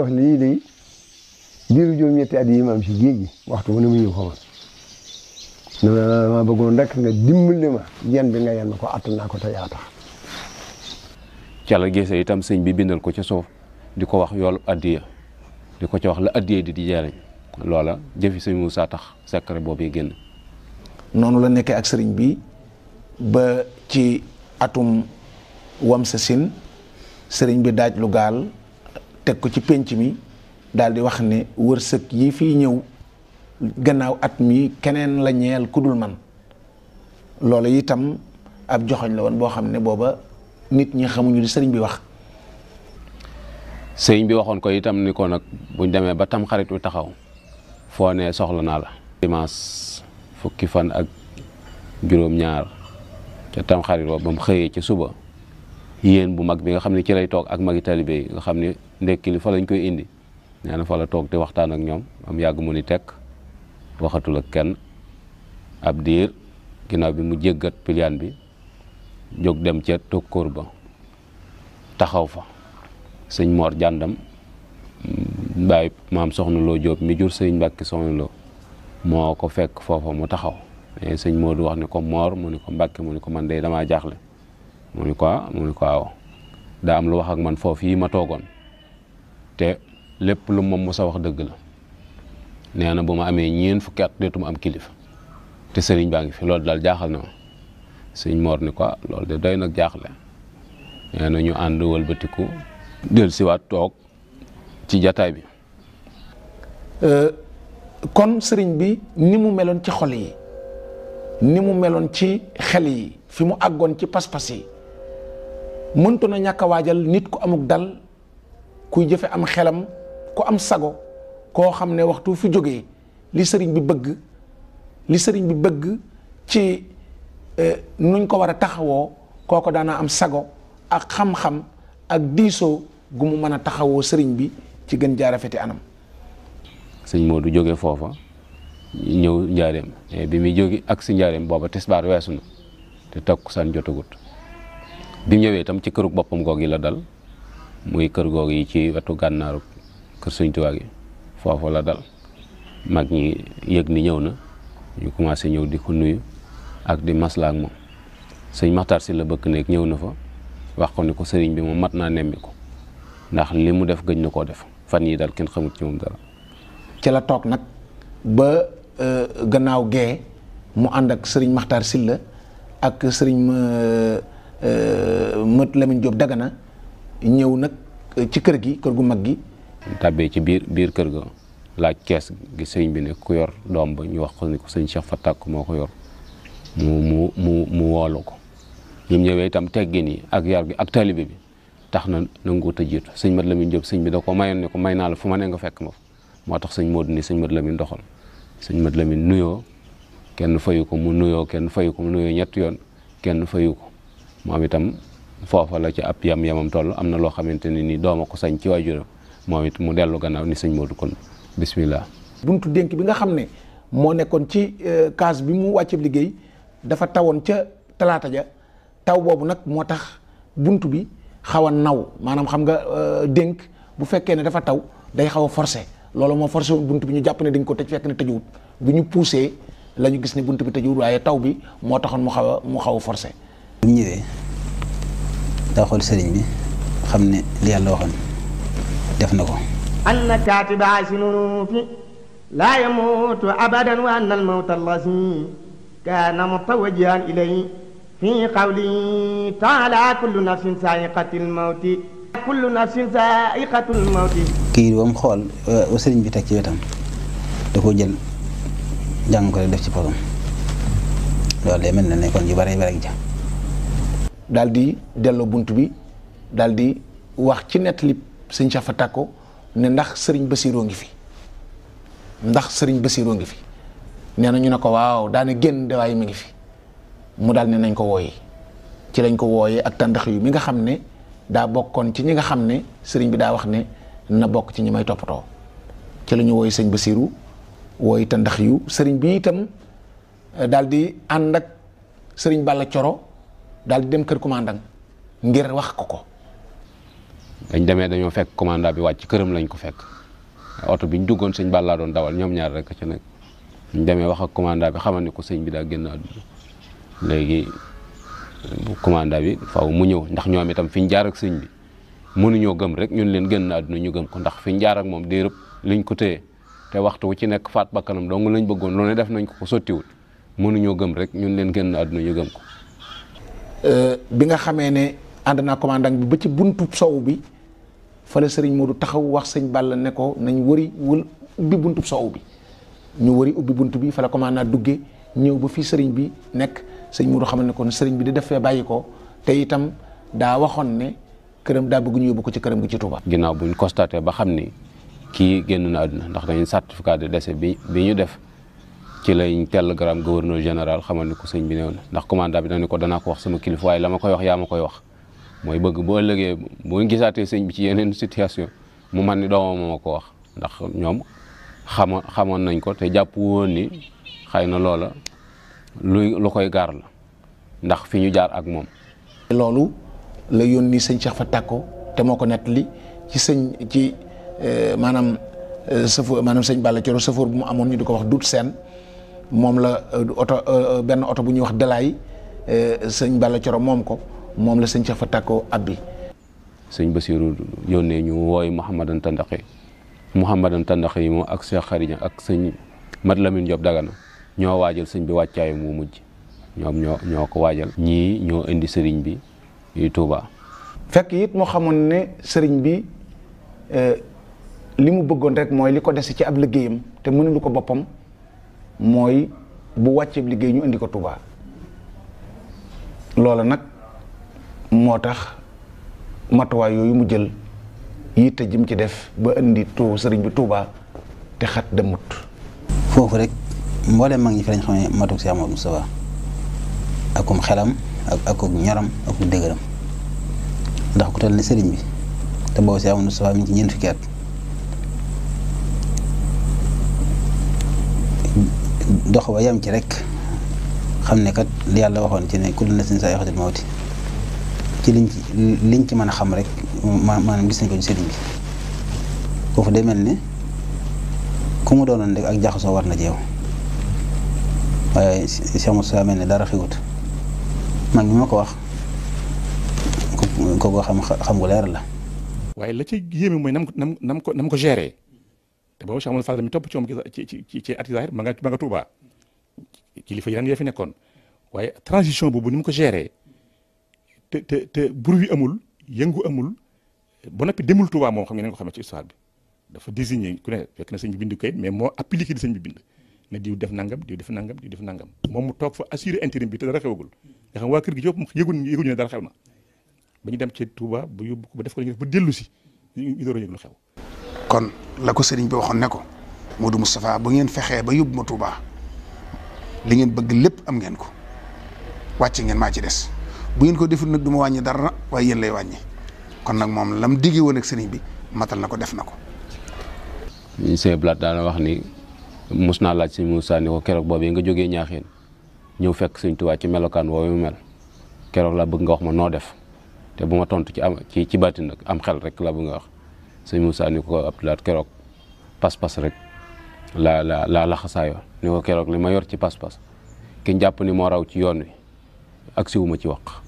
am si géej gi waxtu wu ne mu ñëw ko man dama bëggoon rek nga dimbali ma yan bi nga yan ma ko attan naa ko te ca la yi tam sëñ bi bindal ko ca suuf di ko wax yoolu addiya di ko ca wax la addiya di di jariñ loola jëfi sëñ Moussa tax secret boobu génn noonu la nekkee ak sëriñ bi ba ci atum wam sa sin sëriñ bi daaj lu gaal teg ko ci pénc mi daal di wax ne wërsëg yi fi ñëw gannaaw at mi keneen la ñeel ku man loolu itam ab joxoñ la woon boo xam ne booba nit ñi xamuñu li sëriñ bi wax. sëriñ bi waxoon ko itam ni ko nag buñ demee ba tam xarit wi taxaw foo ne soxla naa la. dimanche fukki fan ak juróom-ñaar ca tam xarit wa ba xëyee ca suba yéen bu mag bi nga xam ne ci lay toog ak magi talibe yi nga xam ne ndekki li fa lañ koy indi nee na fa toog di waxtaan ak ñoom am yàgg mu ni tekk waxatula ak kenn ab diir ginnaaw bi mu jéggat piliyaan bi. jog dem ca tokkóor ba taxaw fa sëñ Mor jàndam bàyyi maam soxna loo Jóob mi jur sëñ Mbàkke soxna loo moo ko fekk foofa mu taxaw mais eh, sëñ Modou wax ne ko Mor mu ne ko Mbàkke mu ni ko man de damaa jaaxle mu ne ko ah, mu ne am lu wax man foofu yii ma toogoon te lépp lu moom musa wax dëgg la nee na bu ma amee ñeent fukki at deetuma am kilifa te sëriñ baa ngi fi loolu daal jaaxal na sëñ Mor ni ko ah, loolu de doy nag jaaxle nee na ñu ànd wëlbatiku del siwaat toog ci jataay bi euh, kon sëriñ bi ni mu meloon ci xol yi ni mu meloon ci xel yi fi mu àggoon ci pas-pas yi mëntu na ñàkka waajal nit ku amuk dal kuy jëfe am xelam ku am sago koo xam ne waxtu fi jógee li sëriñ bi bëgg li sëriñ bi bëgg ci Eh, nuñ ko war a taxawoo kooko daana am sago ak xam-xam ak diisoo gumu mu mën a taxawoo sëriñ bi ci gën jaarafeti anam sëñ du jóge foofa ñëw njaareem eh, bi muy jóge ak si njaareem booba tisbaar weesu na te takkusaan jotagut bi ñëwee itam ci kërug boppam googi la dal muy kër goog yi ci wetu gànnaaru kër sëñ Tuubaa gi foofu la dal mag ñi yëg ni ñëw na ñu commencé ñëw di ko nuyu ak di maslaa ak moom sëñ Maxtaar si la bëkk nekk ñëw na fa wax ko ni ko sëriñ bi moom mat naa nemmi ko ndax li mu def gëj na koo def fan yi daal kenn xamut ci moom dara. ci la toog nag ba euh, gannaaw gee mu ànd ak sëriñ Maxtaar Silla ak sëriñ euh, euh, Mët Lamine Diop Dagana ñëw nag ci kër gi kër gu mag gi. tàbbee ci biir biir kër ga laaj kees gi sëriñ bi ne ku yor doom ba ñu wax ko ni ko sëñ Cheikh Fatak moo ko yor. mu mu mu mu woolu ko mu ñëwee itam teggin yi ak yar gi ak taalibe bi tax na nanguut a jiitu sëñ Mat Lamin Jóob sëñ bi da ko mayoon ne ko may naa la fu ma ne nga fekk ma fa moo tax sëñ Moodu ni sëñ Mat Lamin doxal sëñ Mat nuyoo kenn fayu ko mu nuyoo kenn fayu ko ñetti yoon kenn fayu ko moom itam foofa la ci ab yam yamam toll am na loo xamante ne ni dooma ko sañ ci waajuram moom it mu dellu gannaaw ni sëñ Moodu kon bismillah buntu dénk bi nga xam ne moo nekkoon ci euh, case bi mu wàcceb liggéey dafa tawoon ca talaata ja taw boobu nag moo tax bunt bi xaw a naw maanaam xam nga euh, dénk bu fekkee ne dafa taw day xaw a forcé loolu moo forcé woon bunt bi ñu jàpp ne dañ ko te fekk ne tëjuwut bu ñu poussé la ñu gis ne bunt bi tëjuwut waaye taw bi moo taxoon mu xaw a mu xaw a forcé bu ñëwee daa xool sëriñ bi xam ne li yàlla waxoon def na ko an na kaati si nunu fi laa yamuutu abadan wa anna al mawta kaana mutawajjihan ilayhi fi qawlihi taala kullu nafsin saa'iqatul mawti kii ba xool sëriñ bi teg ci wetam da koo jël jàng ko rek def ci posam loolu day mel na ne kon yu bare bare ja daal di delloo bunt bi dal di wax ci nettali sëñ Cafa Tàkko ne ndax sëriñ Basiroo ngi fi ndax sëriñ Basiroo ngi fi nee na ñu ne ko waaw daana génn dawaay mu ngi fi mu daal ne nañ ko wooyi ci lañ ko wooyee ak tàndax yu mi nga xam ne daa bokkoon ci ñi nga xam ne sëriñ bi daa wax ne na bokk ci ñi may toppatoo ci la ñu wooyu sëñ Basiru wooyu tàndax yu sëriñ bi itam eh, daal di ànd ak sëriñ Balla Coro daal di dem kër commandant ngir wax ko ko dañ demee dañoo fekk commandant bi wàcc këram lañ ko fekk oto bi ñu duggoon sëñ Balla doon dawal ñoom ñaar rek ci nekk ñu demee wax ak commandant bi xamal ne ko sëñ bi daa génn àdduna léegi commandant bi faw mu ñëw ndax ñoom itam fi ñu jaar ak sëñ bi mënuñoo gëm rek ñun leen génn àdduna ñu gëm ko ndax fi ñu moom déerëb liñ ko téye te waxtu ci nekk faat bakkanam dong lañ bëggoon loolu def nañ ko ko sottiwul mënuñoo gëm rek ñun leen génn àdduna gëm ko. Euh, bi nga xamee ne ànd naa commandant bi ba ci buntu sow bi fale sëriñ Modou taxaw wax sëñ Balla ne ko nañ wëri wul bi buntu sow bi. ñu wari ubbi bunt bi fa la commande naa duggee ñëw ba fii sëriñ bi nekk sëñ Mourou xamal ne kon sëriñ bi di def fee bàyyi ko te itam daa waxoon ne këram daa bëgg ñu yóbbu ko ci këram gi ci Touba. ginnaaw bu ñu constaté ba xam ni kii génn na àdduna ndax dañuy certificat de décès bi bi ñu def ci lañ télégramme gouverneur général xamal ni ko sëñ bi néew na ndax commandant bi dañ ne ko danaa ko wax sama kilifa waaye la ma koy wax yaa ma koy wax mooy bëgg boo ëllëgee boo gisaatee sëñ bi ci yeneen situation mu man ni doomam moo ko wax ndax ñoom. xamoon xamoon nañ ko te jàpp woon ni xëy na loola lu lu koy gaar la ndax fi ñu jaar ak moom. loolu la yónni sëñ Cheikh Fatou Tacko te moo ko nettali ci sëñ ci eh, maanaam sëfo eh, maanaam sëñ Balla Coro sëfoor bu mu amoon ñu di ko wax dut seen moom la eh, oto benn oto bu ñuy wax dalaay sëñ Balla Coro moom ko moom la sëñ Cheikh Fatou Tacko abbi. sëñ Basiru yónnee ñu wooy Mouhamadan Tandaqe Mouhamadan Tandaximo ak Cheikh Xarija ak sëñ Mat Lamin Diop Dagana ñoo waajal sëñ bi wàccaayam mu mujj ñoom ñoo ñoo ko waajal ñii ñoo indi sëriñ bi yu Touba. fekk it mu xamoon ne sëriñ bi euh, li mu bëggoon rek mooy li ko dese ci ab liggéeyam te mënulu ko boppam mooy bu wàccee liggéey ñu indi ko Touba loola nag moo tax matuwaay yooyu mu jël yitte jëm ci def ba indi tu sëriñ bi Touba te xat demut. foofu rek mboolem mag ñi fi lañ xamee matuk si Amadou Moustapha akum xelam ak akum ñoram akum dëgëram ndax ku tal ne sëriñ bi te boobu si Amadou Moustapha mi ngi ci ñeent fi at dox ba yam ci rek xam ne kat li yàlla waxoon ci ne ku dul na sin saa yoxatil mawti ci liñ ci liñ mën a xam rek maanaam gis nañ ko ci sëriñ bi foofu day mel ne ku mu doonoon rek ak jaxasoo war na jeew waaye Cheikh Moussa mel ne dara xiwut mag bi ma ko wax ko ko xam xam gu leer la. waaye la ci yéeme mooy nam ko nam ko ko géré te boobu Cheikh Amadou Fall mi topp ci moom ci ma nga ma kilifa yi daan fi nekkoon waaye transition boobu ni ko géré. te te te bruit amul yëngu amul ba noppi demul Touba moom xam ngeen ko xamee ci histoire bi dafa désigné ku ne fekk na sëñ bi bindu kayit mais moo appliqué di sëñ bi bind ne diw def nangam diw def nangam diw def nangam moom mu toog fa assuré intérim bi te dara xewagul nga xam waa kër gi yëpp yëguñ yëguñu ne dara xew na ba ñu dem ci Touba bu yóbbu ko ba def ko ñu def ba dellu si ñu door a yëg lu xew. kon la ko sëriñ bi waxoon ne ko Modou Moustapha bu ngeen fexee ba yóbbu ma Touba li ngeen bëgg lépp am ngeen ko wàcc ngeen maa ci des. bu ngeen ko deful nag du ma wàññi dara waaye yéen lay wàññi kon nag moom lam digge woon ak sëriñ bi matal na ko def na ko. sëñ Blaat daana wax ni mos naa laaj sëñ Moussa ni ko keroog boobu nga jógee ñaaxeen ñëw fekk sëñ Tuubaa ci melokaan woowu mu mel keroog laa bëgg nga wax ma noo def te bu ma tontu ci am ci ci bàttin nag am xel rek la bëgg nga wax sëñ mu ni ko Abdoulaat keroog pas-pas rek la la laa laxasaayoo ni ko keroog li ma yor ci pas-pas ki jàpp ni moo raw ci yoon wi ak siwuma ci wax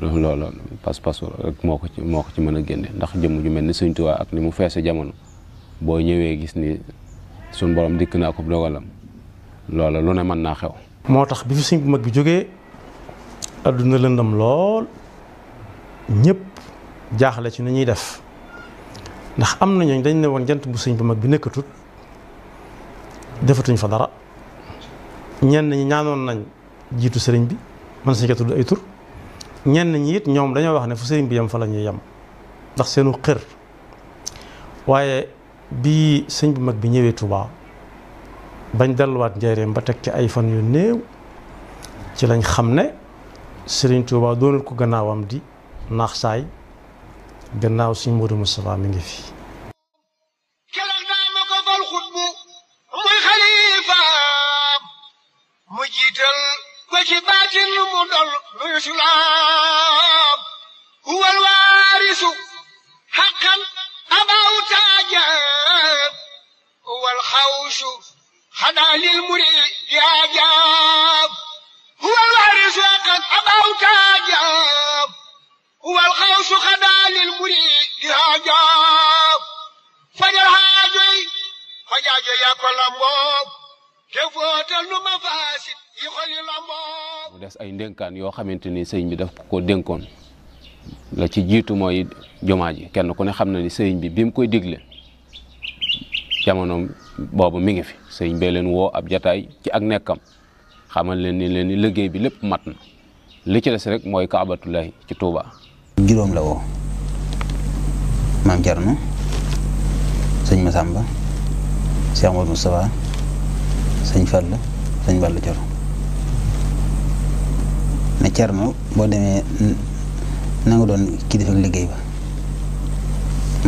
loolu pas-pasu rek moo ko ci moo ko ci mën a génne ndax jëmm ju mel ni Sëñ Tuubaa ak ni mu feese jamono boo ñëwee gis ni suñ borom dikk naa ko dogalam lool lu ne mën naa xew. moo tax bi fi sëñ bu mag bi jógee adduna lëndam lool ñëpp jaaxle ci ni ñuy def ndax am na ñooñ dañ ne woon jant bu sëñ bu mag bi nekkatut defatuñ fa dara ñenn ñi ñaanoon nañ jiitu sëriñ bi mën sañ ko tudd ay tur. ñenn ñi it ñoom dañoo wax ne fu sëriñ bi yem fa la ñuy yem ndax seenu xër waaye bi sëñ bu mag bi ñëwee Touba bañ delluwaat njaareem ba teg ci ay fan yu néew ci lañ xam ne sëriñ Touba doonul ko gannaawam di naax saay gannaaw sëñ Modou Moustapha mi ngi fi. keroog naa ma ko fal xutbu muy xalifa mu jiital. ko ci baatin lu mu dol luy sulaam huwal waarisu xaqan abaw taajaab huwal xawsu xanaa lil murid yaajaab huwal waarisu xaqan abaw taajaab huwal xawsu xanaa lil murid yaajaab fajal xaajoy fajaajo yaa ko lamboob te footal nu mafaasit mu des ay ndénkaan yoo xamante ni sëriñ bi daf ko dénkoon la ci jiitu mooy jumaa kenn ku ne xam na ni sëriñ bi bi koy digle jamono boobu mi ngi fi sëriñ bee leen woo ab jataay ci ak nekkam xamal leen ni leen ni liggéey bi lépp mat na li ci des rek mooy kaabatullahi ci Touba. juróom la woo maam Thierno sëñ Massamba Cheikh Modou Moustapha sëñ Fall sëñ Balla Thioro Cerno boo demee na nga doon kii liggéey ba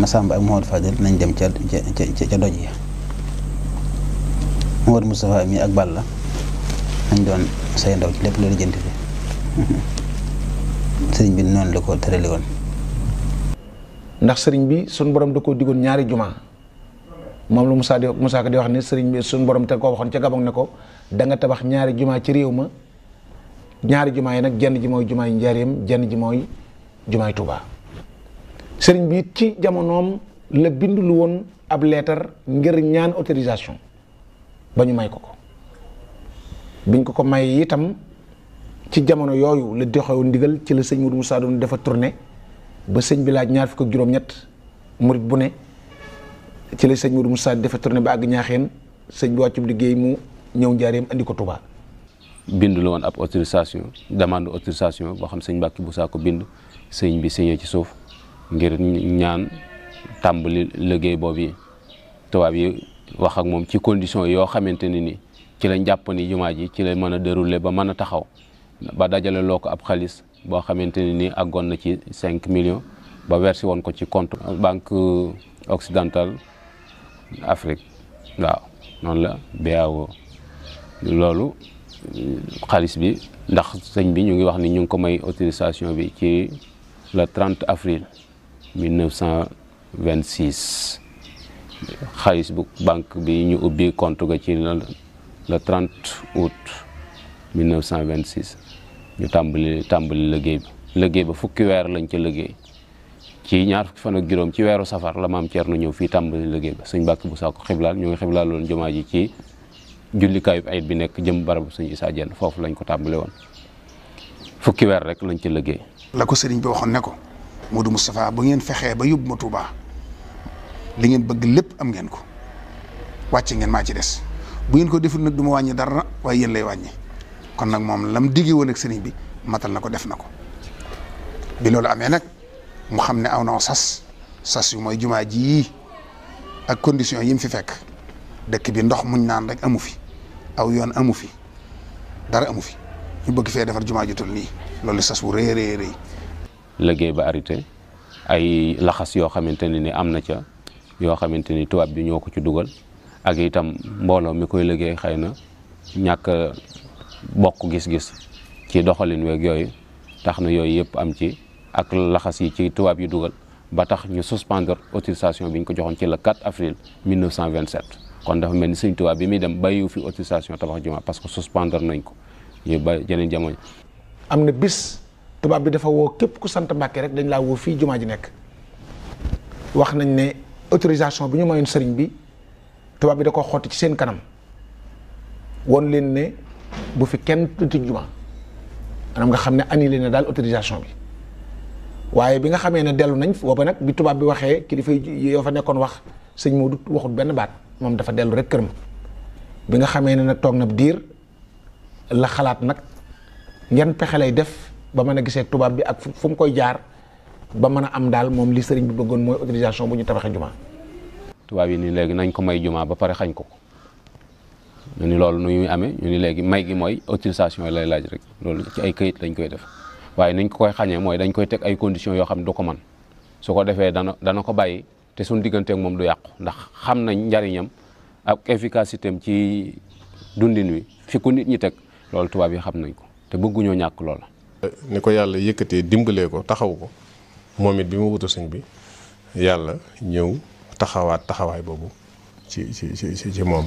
Masamba ak Mouhamadou Fadel nañ dem ca ca ca doj ya Mouhamadou Moustapha mi ak Balla nañ doon say ndaw ci lépp loolu jënd fi sëriñ bi noonu la ko tërale woon ndax sëriñ bi suñ borom da koo diggoon ñaari jumaa moom la Moussa di Moussa di wax ne sëriñ bi suñ borom te koo waxoon ca Gabon ne ko danga tabax ñaari jumaa ci réew ma ñaari jumaa yi nag jenn ji mooy jumaay Njaareem jenn ji mooy jumaay Touba sëriñ bi it ci jamonoom la bind woon ab leetar ngir ñaan autorisation ba ñu may ko ko biñ ko ko may itam ci jamono yooyu la doxewoon ndigal ci la sëñ Mourou Moussa doon dafa tourné ba sëñ bi laaj ñaar fukk ak juróom-ñett murit bu ne ci la sëñ Mourou Moussa dafa tourné ba ak ñaaxeen sëñ bi wàccub liggéey mu ñëw njaareem indi ko Touba. bind la woon ab autorisation demande autorisation boo xam sëñ Mbàkke bu saa ko bind sëñ bi signé ci suuf ngir ñaan tàmbali liggéey boobu yi tubaab yi waxak moom ci condition yoo xamante ne ni ci lañ jàpp ni jumaa ji ci leen mën a dérouler ba mën a taxaw ba dajale loo ko ab xaalis boo xamante ne ni àggoon na ci cinq millions ba versé woon ko ci compte banque occidentale Afrique waaw noonu la BAO loolu xaalis bi ndax sëñ bi ñu ngi wax ni ñu ngi ko may autorisation bi ci le 30 avril 1926 xaalis bu banque bi ñu ubbi conte ga ci le 30 août 1926 ñu tàmbali tàmbali liggéey bi liggéey ba fukki weer lañ ci liggéey ci ñaar fukki fan ci weeru safar la maam Thierno ñëw fii tàmbali liggéey ba sëñ Mbàkke bu Sakku xiblaal ñu ngi xiblaaloon jumaa ji ci jullikaayub ayit bi nekk jëm barabu sëñ Issa Diène foofu lañ ko tàmbale woon fukki weer rek lañ ci liggéey. la ko sëriñ bi waxoon ne ko Modou Moustapha bu ngeen fexee ba yóbbu ma Touba li ngeen bëgg lépp am ngeen ko wàcce ngeen maa ci des bu ngeen ko deful nag du ma wàññi dara waaye yéen lay wàññi kon nag moom lam digge woon ak sëriñ bi matal na ko def na ko bi loolu amee nag mu xam ne aw na sas sas yu mooy jumaa ji ak condition yi fi fekk dëkk bi ndox muñ naan rek amu fi aw yoon amu fi dara amu fi ñu bëgg fee defar jumaa ju nii loolu sas bu rëy rëy rëy ba arrêté ay laxas yoo xamante ne ni am na ca yoo xamante ni tubaab bi ñoo ko ci dugal ak itam mbooloo mi koy liggéey xay na ñàkk bokk gis-gis ci doxalin weeg yooyu tax na yooyu yëpp am ci ak laxas yi ci tubaab yi dugal ba tax ñu suspendre autorisation bi ñu ko joxoon ci le 4 avril 1927 kon dafa mel ni sëñ tubaab bi muy dem bàyyiwu fi autorisation tabax jumaa parce que suspendre nañ ko yooyu ba jeneen jamono. am na bis tubaab bi dafa woo képp ku sant Mbàkke rek dañ laa woo fii jumaa ji nekk wax nañ ne autorisation bi ñu mayoon sëriñ bi tubaab bi da ko xotti ci seen kanam woon leen ne bu fi kenn tuuti jumaa maanaam nga xam ne annulé na daal autorisation bi waaye bi nga xamee ne dellu nañ ba nag bi tubaab bi waxee kilifa yoo fa nekkoon wax sëñ Moodu waxut benn baat. moom dafa dellu rek këram bi nga xamee ne nag toog na diir la xalaat nag yan pexe lay def ba mën a gisee tubaab bi ak fu mu koy jaar ba mën a am daal moom li sëriñ bi bëggoon mooy autorisation bu ñu tabaxee jumaa tubaab yi ni léegi nañ ko may jumaa ba pare xañ ko ko ñu ni loolu nu ñuy amee ñu ni léegi may gi mooy autorisation lay laaj rek loolu ci ay kayit lañ koy def waaye nañ ko koy xañee mooy dañ koy teg ay conditions yoo xam ne du ko man su ko defee dana dana ko bàyyi te suñ digganteeg moom du yàqu ndax xam nañ njariñam ak efficacité am ci dundin wi fi ku nit ñi teg loolu tubaab yi xam nañ ko te bëgguñoo ñàkk loola. ni ko yàlla yëkkatee dimbalee ko taxaw ko moom it bi mu wutu sëñ bi yàlla ñëw taxawaat taxawaay boobu ci ci ci ci moom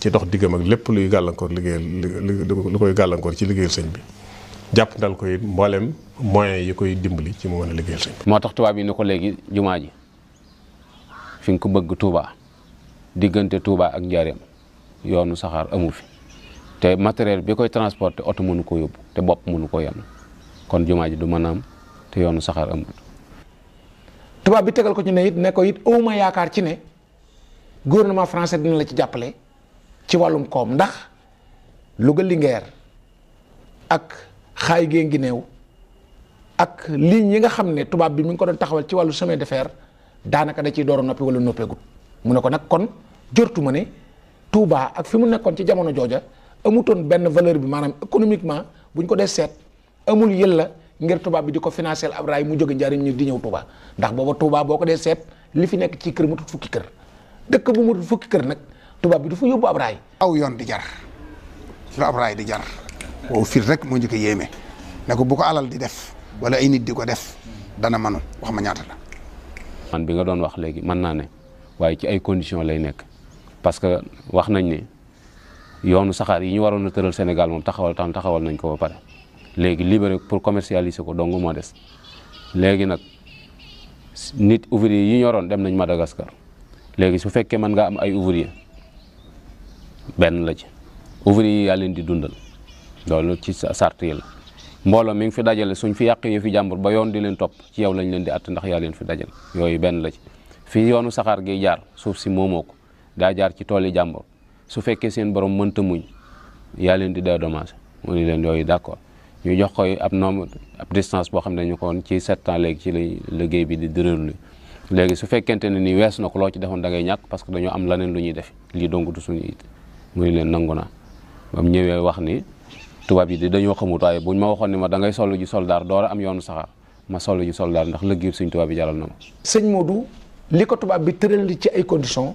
ci dox diggam ak lépp luy gàllankoor liggéeyal lu koy gàllankoor ci liggéeyal sëñ bi jàpp ndal ko it mboolem moyens yi koy dimbali ci mu mën a liggéeyal sëñ bi. moo tax tubaab yi ni ko léegi jumaa ji fi nga ko bëgg Touba diggante Touba ak Njaareem yoonu saxaar amu fi te matériel bi koy transporter oto mënu ko yóbbu te bopp mënu ko yenn kon jumaa ji du mën a am te yoonu saxaar amul. tubaab bi tegal ko ci ne it ne ko it awma yaakaar ci ne gouvernement français dina la ci jàppale ci wàllum koom ndax Louga Linguère ak xaay gee ngi new ak ligne yi nga xam ne tubaab bi mi ngi ko doon taxawal ci wàllu chemin de daanaka da ciy door a noppi wala noppeegul mu ne ko nag kon jortu ne Touba ak fi mu nekkoon ci jamono jooja amutoon benn valeur bi maanaam économiquement bu ñu ko dee seet amul yëlla ngir tubaab bi di ko financé ab raay mu jóge njariñ di ñëw Touba ndax booba Touba boo ko dee seet li fi nekk ci kër mu tut fukki kër dëkk bu mu tut fukki kër nag tubaab bi dafa fa yóbbu ab raay aw yoon di jar su ab raay di jar wow fii rek moo njëkk a yéeme ne ko bu ko alal di def wala ay di ko def dana manu wax ma ñaata man bi nga doon wax léegi mën naa ne waaye ci ay conditions lay nekk parce que wax nañ ne yoonu saxaar yi ñu waroon na tëral Sénégal moom taxawal tan taxawal nañ ko ba pare léegi libéré pour commercialiser ko dong moo des léegi nag nit ouvri yi ñoroon dem nañ Madagascar léegi su fekkee mën nga am ay ouvrier benn la ci ouvrier yi yaa leen di dundal loolu ci sart yi la mbooloo mi ngi fi dajale suñ fi yàq yi fi jàmbur ba yoon di leen topp ci yow lañ leen di att ndax yaa leen fi dajale yooyu benn la ci fi yoonu saxaar gi jaar suuf si moomoo ko daa jaar ci tool yi jàmbur su fekkee seen borom mënta muñ yaa leen di dédommage mu ni leen yooyu d'accord ñu jox koy ab nombre ab distance boo xam ne ñu ko ci sept ans ci lay bi di déroulé léegi su fekkente ne ni wees na ko loo ci defoon da ngay ñàkk parce que dañoo am leneen lu ñuy def lii dong du suñu mu ni leen nangu naa bam ñëwee wax ni tubaab yi di dañoo xamut waaye buñ ma waxoon ne ma da ngay solo ji soldaar door a am yoonu saxaar ma solo ji soldaar ndax lëggéeyub suñ tubaab yi jaral na ma. sëñ Modou li ko tubaab bi tëral li ci ay condition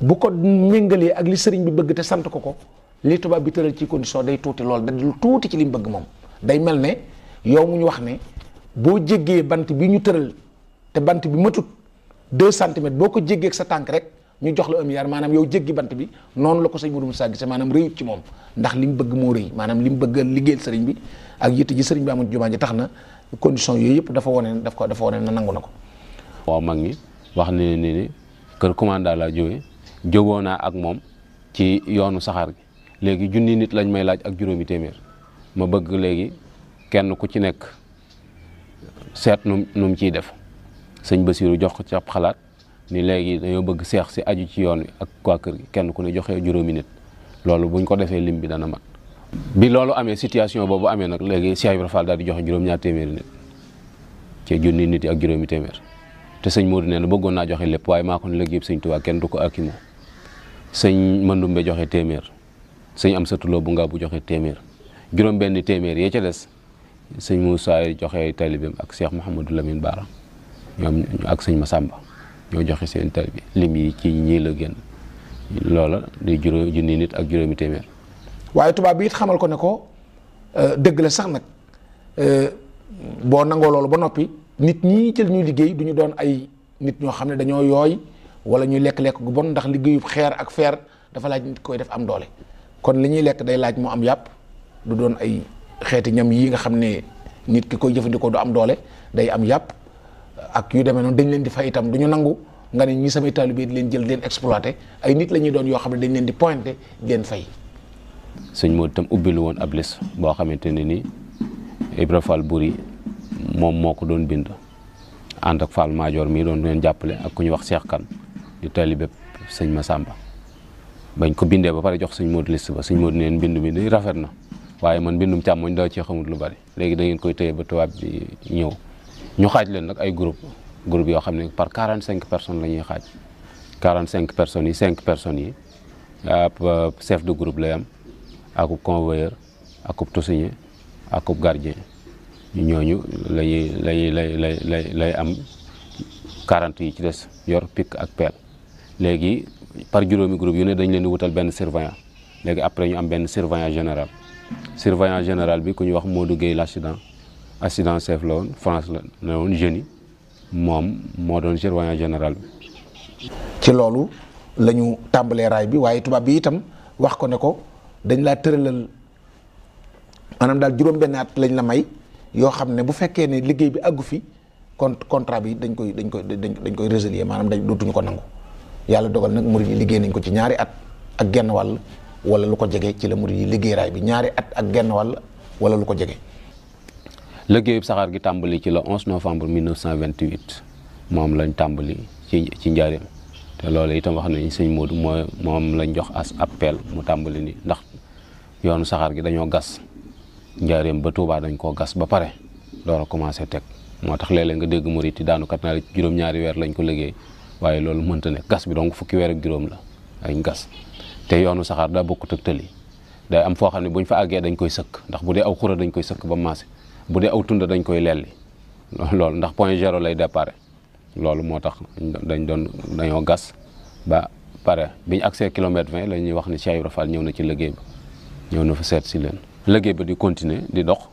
bu ko méngalee ak li sëriñ bi bëgg te sant ko ko li tubaab bi tëral ci condition day tuuti lool da lu tuuti ci li mu bëgg moom day mel ne yow mu ñu wax ne boo jéggee bant bi ñu tëral te bant bi matut 2 centimètres boo ko jéggee ak sa tànk rek. ñu jox la un milliard maanaam yow jéggi bant bi noonu la ko sëñ Modou Moussa gisee maanaam rëyut ci moom ndax li mu bëgg moo rëy maanaam li mu bëgg liggéeyal sëriñ bi ak yitte ji sëriñ bi amoon jumaa ji tax na condition yooyu yëpp dafa wone daf ko dafa wone na nangu na ko waaw mag ñi wax ne ne kër commanda la jóge jógoo naa ak moom ci yoonu saxaar gi léegi junni nit lañ may laaj ak juróomi téeméer ma bëgg léegi kenn ku ci nekk seet num nu ciy def sëñ Basiiru jox ko ci ab xalaat ni léegi dañoo bëgg seex si aju ci yoon wi ak waa kenn ku ne joxe juróomi nit loolu buñ ko defee lim bi dana mat bi loolu amee situation boobu amee nag léegi Cheikh Ibrahima Fall daal di joxe juróom-ñaar téeméeri nit ci junni nit yi ak juróomi téeméer te sëñ Modou nee na bëggoon naa joxe lépp waaye maa ko ne léegi yëpp sëñ Tuubaa kenn du ko akimoo sëñ Mandumbe joxe téeméer sëñ am satulo bu nga bu joxe téeméer juróom benn téeméer yee ca des sëñ Moussa joxe talibem ak Cheikh Mouhamadou Lamine Bara ñoom ak sëñ Massamba ñoo joxe seen taal bi lim yi ci ñii la génn loola di juróom junni nit ak juróomi téeméer. waaye tubaab bi it xamal ko ne ko euh, dëgg la sax nag euh, boo nangoo loolu ba noppi nit ñi jël ñuy liggéey du ñu doon ay nit ñoo xam ne dañoo yooy wala ñuy lekk-lekk gu bon ndax liggéeyub xeer ak feer dafa laaj nit koy def am doole kon li ñuy lekk day laaj mu am yàpp du doon ay xeeti ñam yi nga xam ne nit ki koy jëfandikoo du am doole day am yàpp. ak yu demee noonu dañ leen di fay itam du nangu nga ne ñi samay taalibe di leen jël di leen exploité ay nit la ñuy doon yoo xam ne dañ leen di pointé di leen fay. sëñ moo itam ubbilu woon ab lis boo xamante ne ni Ibra Fall moom moo ko doon bind ànd ak Fall Maajoor mii doon leen jàppale ak ku ñuy wax Cheikh Kane di taalibe sëñ sàmba bañ ko bindee ba pare jox sëñ Modou liste ba sëñ Modou neen bind mi ni rafet na waaye man bindum càmmoñ daa cee xamut lu bari léegi da ngeen koy téye ba tubaab bi ñëw. ñu xaaj leen nag ay groupe groupe yoo xam ne par quarante cinq personnes la ñuy xaaj quarante cinq personnes yi cinq personnes yi ab euh, chef de groupe lay am akub convoyeur akub tosigné akub gardien ñooñu lañuy lay lay lay lay am quarante yi ci des yor pic ak peel léegi par juróomi groupe yu ne dañ leen di wutal benn surveillant léegi après ñu am benn surveillant général surveillant général bi ku ñu wax moo Modou Guèye l'accident assistant chef la woon France la ne woon jeunes yi moom moo doon surveillant général bi. ci loolu la ñu tàmbalee raay bi waaye tubaab bi itam wax ko ne ko dañ laa tëralal maanaam daal juróom-benn at lañ la may yoo xam ne bu fekkee ne liggéey bi àggu fi kon contrat bi dañ koy dañ koy dañ koy résilier maanaam dañ dootuñu ko nangu yàlla dogal nag murid yi liggéey nañ ko ci ñaari at ak genn wàll wala lu ko jege ci la murid yi liggéey raay bi ñaari at ak genn wàll wala lu ko jege. liggéeyub saxaar gi tàmbali ci le 11 novembre 1928 moom lañ tàmbali ci ci njaareem te loolu itam wax nañ sëñ Modou mooy moom lañ jox as appel mu tàmbali ni ndax yoonu saxaar gi dañoo gas njaareem ba Touba dañ koo gas ba pare door a commencé teg moo tax léeg-léeg nga dégg mu yi daanu kat naa ci juróom-ñaari weer lañ ko liggéey waaye loolu mënta ne gas bi donc fukki weer ak juróom la ay gas te yoonu saxaar daa bokkut ak tëli day am foo xam ne buñ fa àggee dañ koy sëkk ndax bu dee aw xura dañ koy sëkk ba maase bu dee aw tund dañ koy lelli loolu ndax point zéro lay départ loolu moo tax dañ doon dañoo gas ba pare biñ ñu agsee kilomètre vingt la ñuy wax ne si Ibra Fall ñëw na ci liggéey ba ñëw na fa seet si leen liggéey ba di continuer di dox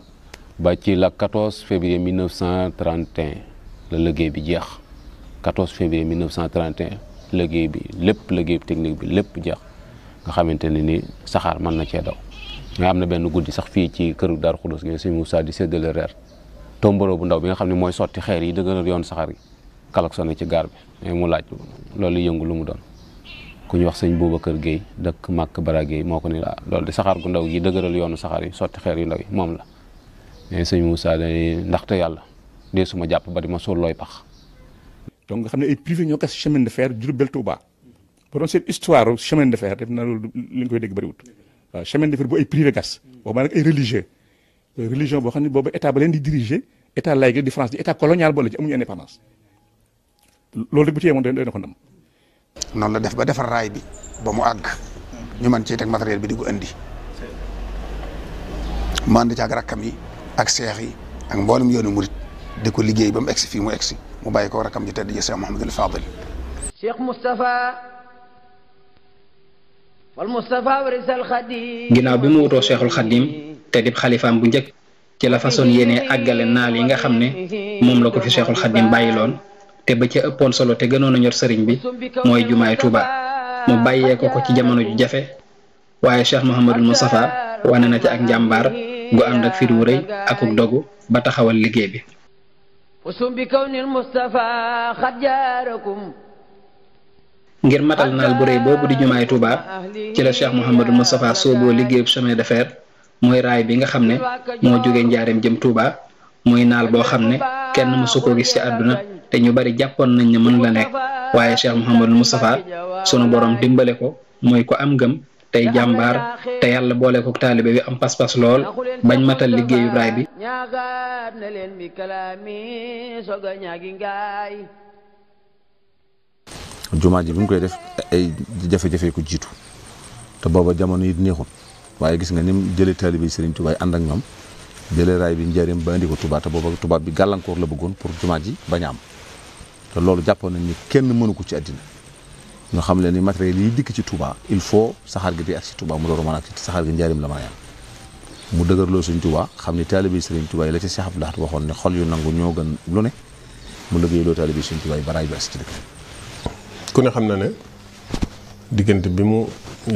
ba ci la 14 février 1931 la liggéey bi jeex 14 février 1931 liggéey bi lépp liggéey technique bi lépp jeex nga xamante ne ni saxaar mën na cee daw nga am na benn guddi sax fii ci këru Daaru Xudoos gi mu Moussa di séddale reer tombaloo bu ndaw bi nga xam ne mooy sotti xeer yi dëgëral yoon saxaar yi kalak ci gaar bi mu laaj loolu yëngu lu mu doon ku ñu wax sëñ Boubacar Guèye dëkk Màkk Bara Guèye moo ko ni ah loolu di saxaar gu ndaw gi dëgëral yoonu saxaar yi sotti xeer yu ndaw yi moom la mais sëñ Moussa dañuy ndaxte yàlla dee suma jàpp ba di ma suul looy pax donc nga xam ne ay privé ñoo gas chemin de fer Diourbel Touba ba doon seen histoire chemin de fer def na loolu li ñu koy dégg bëriwut waaw euh, chemin de fer bu ay privé gas waxuma nag ay religieux religion boo xam ne boobu état ba leen di diriger état laïque la di France di état colonial boole ci amuñu indépendance loolu rek bu ci yemoon doy na ko ndam. noonu la def ba defar raay bi ba mu àgg ñu mën cee teg matériel bi di ko indi mu ànd ak rakkam yi ak seex yi ak mboolem yoonu murit di ko liggéey ba mu egsi fii mu egsi mu bàyyi ko rakkam ji tedd ji Cheikh Mouhamadul Fadil Cheikh Moustapha ginnaaw bi mu wutoo Cheikhul Xadim te dib xalifaam bu njëkk ci la façon yéene àggale naal yi nga xam ne moom la ko fi Cheikhul Xadim loon te ba ca ëppoon solo te gënoon a ñor sëriñ bi mooy jumaay Touba mu bàyyee ko ko ci jamono ju jafe waaye Cheikh Mouhamadul Moustapha wane na ci ak njàmbaar gu ànd ak firi wu rëy ak ug dogu ba taxawal liggéey bi. ngir matal naal bu rëy boobu di jumaay Touba ci la Cheikh Mouhamadou Moustapha sooboo liggéeyub chemin de fer mooy raay bi nga xam ne moo jógee njaareem jëm Touba muy naal boo xam ne kenn mësu ko gis ci adduna te ñu bari jàppoon nañ ne mën la nekk waaye Cheikh Mouhamadou Moustapha sunu borom dimbale ko mooy ko am ngëm tey jàmbaar te yàlla boole ko taalibe bi am pas-pas lool bañ matal liggéeyu raay bi. jumaa ji bi ñu koy def ay jafe-jafe ko jiitu te booba jamono yi neexul waaye gis nga ni mu jëlee taalibe Serigne Touba ànd ak ñoom jëlee raay bi njëriñ ba indi ko Touba te booba Touba bi gàllankoor la bëggoon pour jumaa ji bañ a am te loolu jàppoon nañ ni kenn mënu ko ci àddina ñu xam leen ni matériel yi dikk ci Touba il faut saxaar gi di ak si Touba mu door a mën saxaar gi njëriñ la mën a yam mu dëgërloo suñ Touba xam ni taalibe Serigne Touba yi la ci Cheikh Abdou Lahad waxoon ne xol yu nangu ñoo gën lu ne mu liggéey loo taalibe Serigne Touba yi ba ku ne xam na ne diggante bi mu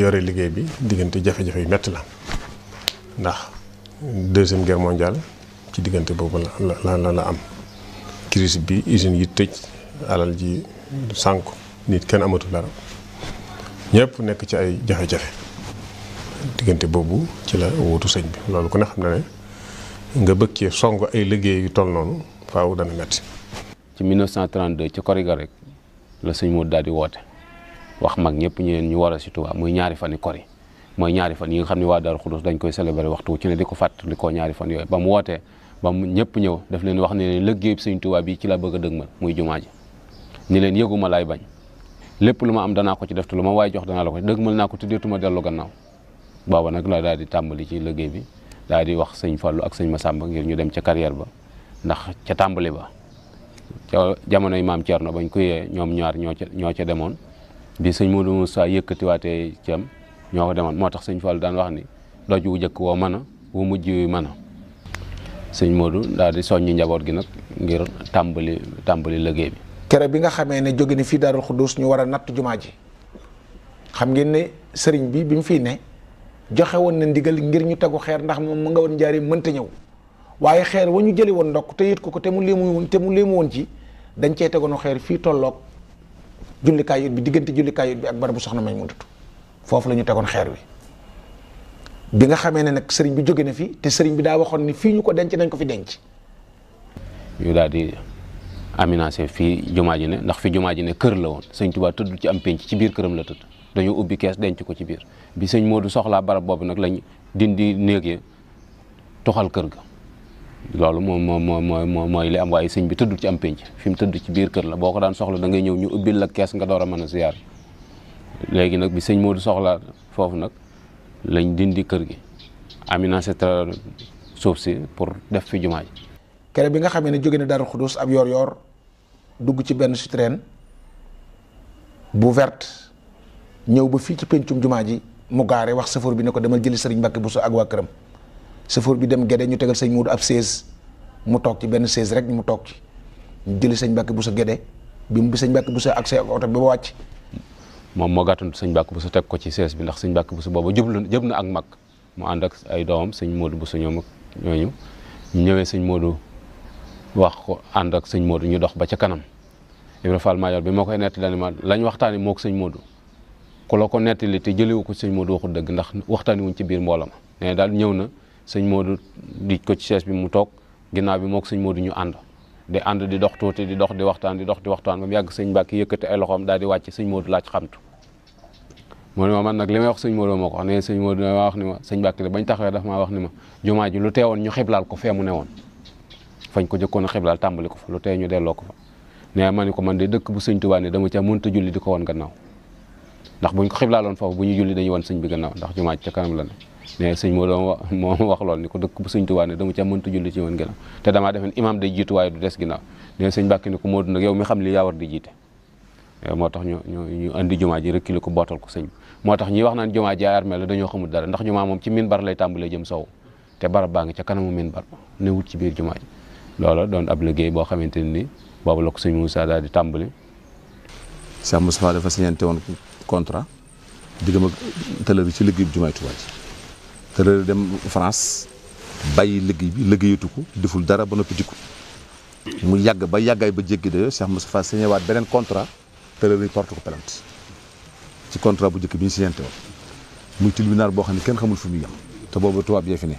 yore liggéey bi diggante jafe-jafe yu métti la ndax deuxième guerre mondiale ci diggante boobu la la la la am crise bi usines yi tëj alal ji sànku nit kenn amatul dara ñëpp nekk ci ay jafe-jafe diggante boobu ci la wutu sëñ bi loolu ku ne xam na ne nga bëgg cee song ay liggéey yu toll noonu faaw dana métti. ci 1932 ci Korigor rek. la sëñ Modou daal di woote wax mag ñëpp ñu leen ñu waral si Touba muy ñaari fan yu kor mooy ñaari fan yi nga xam ne waa Daaru Xudus dañ koy célébrer waxtu ci ne di ko fàttali koo ñaari fan yooyu ba mu wootee ba mu ñëpp ñëw daf leen wax ne leen liggéey sëñ Touba bi ci la bëgg a dëgmal muy jumaa ji ni leen yëguma laay bañ lépp lu ma am danaa ko ci def te lu ma waaye jox dana la ko dëgmal naa ko tuddeetuma dellu gannaaw booba nag la daal di tàmbali ci liggéey bi daal di wax sëñ Fallou ak sëñ Massamba ngir ñu dem ca carrière ba ndax ca tàmbali ba ca jamonoy maam Thierno bañ ko ñoom ñaar ñoo ca ñoo ca demoon bi sëñ Modou Moussa yëkkatiwaatee cam ñoo demoon moo tax sëñ Fall daan wax ni doj wu njëkk woo mën a wu mujj wi a sëñ Modou daal di soññi njaboot gi nag ngir tàmbali tàmbali liggéey bi. kere bi nga xamee ne jóge ni fii Darou Khoudoss ñu war a natt jumaa ji xam ngeen ne sëriñ bi bi mu fii ne joxe woon na ndigal ngir ñu tegu xeer ndax moom mu nga woon jaaree mënta ñëw. waaye xeer wa ñu jëli woon ndokk te yët ko ko te mu léemu te mu léemu woon ci dañ cee tegoon xeer fii tolloog jullikaay yët bi diggante jullikaay yi bi ak barabu soxna may mu dutu foofu la ñu tegoon xeer wi bi nga xamee ne nag sëriñ bi jóge na fi te sëriñ bi daa waxoon ni fii ñu ko denc nañ ko fi denc ñu daal di aménagé fii jumaa ji ne ndax fi jumaa ji ne kër la woon sëñ Tuubaa tëdd ci am penc ci biir këram la tëdd dañu ubbi kees denc ko ci biir bi sëñ Moodu soxlaa barab boobu nag lañ dindi néeg ya toxal kër ga loolu moom moo moo moo mooy li am waaye sëñ bi tëdd ci am pénc fi mu tëdd ci biir kër la boo ko daan soxla da ngay ñëw ñu ubbil la kees nga door a mën a ziyaar léegi nag bi sëñ Modou soxla foofu nag lañ dindi kër gi aménagé suuf si pour def fi jumaa ji kere bi nga xamee ne jóge na Daaru Xudus ab yor-yor dugg ci benn Citroën bu verte ñëw ba fii ci péncum jumaa ji mu gaare wax safar bi ne ko demal jëli sëriñ Mbàkke Buso ak waa këram chauffeur bi dem gede ñu tegal sëñ Moodu ab chaise mu toog ci benn chaise rek mu toog ci ñu jëli sëñ Mbàkke bu sa gede bi mu bi sëñ Mbàkke bu sa ak sa oto bi wàcc moom moo gàttandu sëñ bu sa teg ko ci chaise bi ndax sëñ Mbàkke bu sa boobu jëblu jëb na ak mag mu ànd ak ay doomam sëñ Moodu bu sa ñoom ak ñooñu ñëwee sëñ Moodu wax ko ànd ak sëñ Moodu ñu dox ba ca kanam Ibra Fall Madior bi moo koy nett dani ma lañ waxtaani moo ko sëñ Moodu ku la ko nettali te jëliwu ko sëñ Moodu waxul dëgg ndax waxtaani wuñ ci biir mbooloo ma daal ñëw na sëñ moodu di ko ci chaise bi mu toog ginnaaw bi mook sëñ Modou ñu ànd di ànd di dox tuuti di dox di waxtaan di dox di waxtaan ba mu yàgg sëñ Mbàkke yëkkati ay loxoom daal di wàcc sëñ Modou laaj xamtu moo ne ma man nag li may wax sëñ Modou moo ko wax ne sëñ Modou ma wax ni ma sëñ Mbàkke de bañ taxawee daf ma wax ni ma jumaa ji lu teewoon ñu xiblaal ko fee mu ne woon fañ ko jëkkoon a xiblaal tàmbali ko fa lu tee ñu delloo ko fa ne ma ni ko man de dëkk bu sëñ Tuubaa ne dama ca mënta julli di woon gannaaw ndax buñ ko xiblaaloon foofu bu ñu julli dañuy woon sëñ bi gannaaw ndax jumaa ji ca kanam la mais sëñ moo doon wax moo wax lool ni ko dëkk bu sëñ Tuubaa ne dama ca mënta julli ci won ginnaaw te dama defen imaam da jiitu waaye du des ginnaaw nee sëñ Mbàkke ni ku moo dund ak yow mi xam li yaa war di jiite moo tax ñu ñu ñu andi jumaa ji rëkkili ko bootal ko sëñ moo tax ñi wax naan jumaa ji armée la dañoo xamul dara ndax jumaa moom ci minbar lay tàmbalee jëm sow te barab baa ngi ca kanamu minbar ne wut ci biir jumaa looloo doon ab liggéey boo xamante ni boobu la ko sëñ Moussa daal di tàmbali Cheikh Moustapha dafa signé woon contrat diggam ak tëlër bi ci liggéey jumaay Tuubaa ji te la dem France bàyyi liggéey bi liggéeyatu ko deful dara ba noppi dikku mu yàgg ba yàggaay ba jéggi de Cheikh Moustapha signé waat beneen contrat te port porte ko plainte ci contrat bu njëkk bi ñu signé woon muy tribunal boo xam ne kenn xamul fu muy yem te boobu tubaab yee fi ne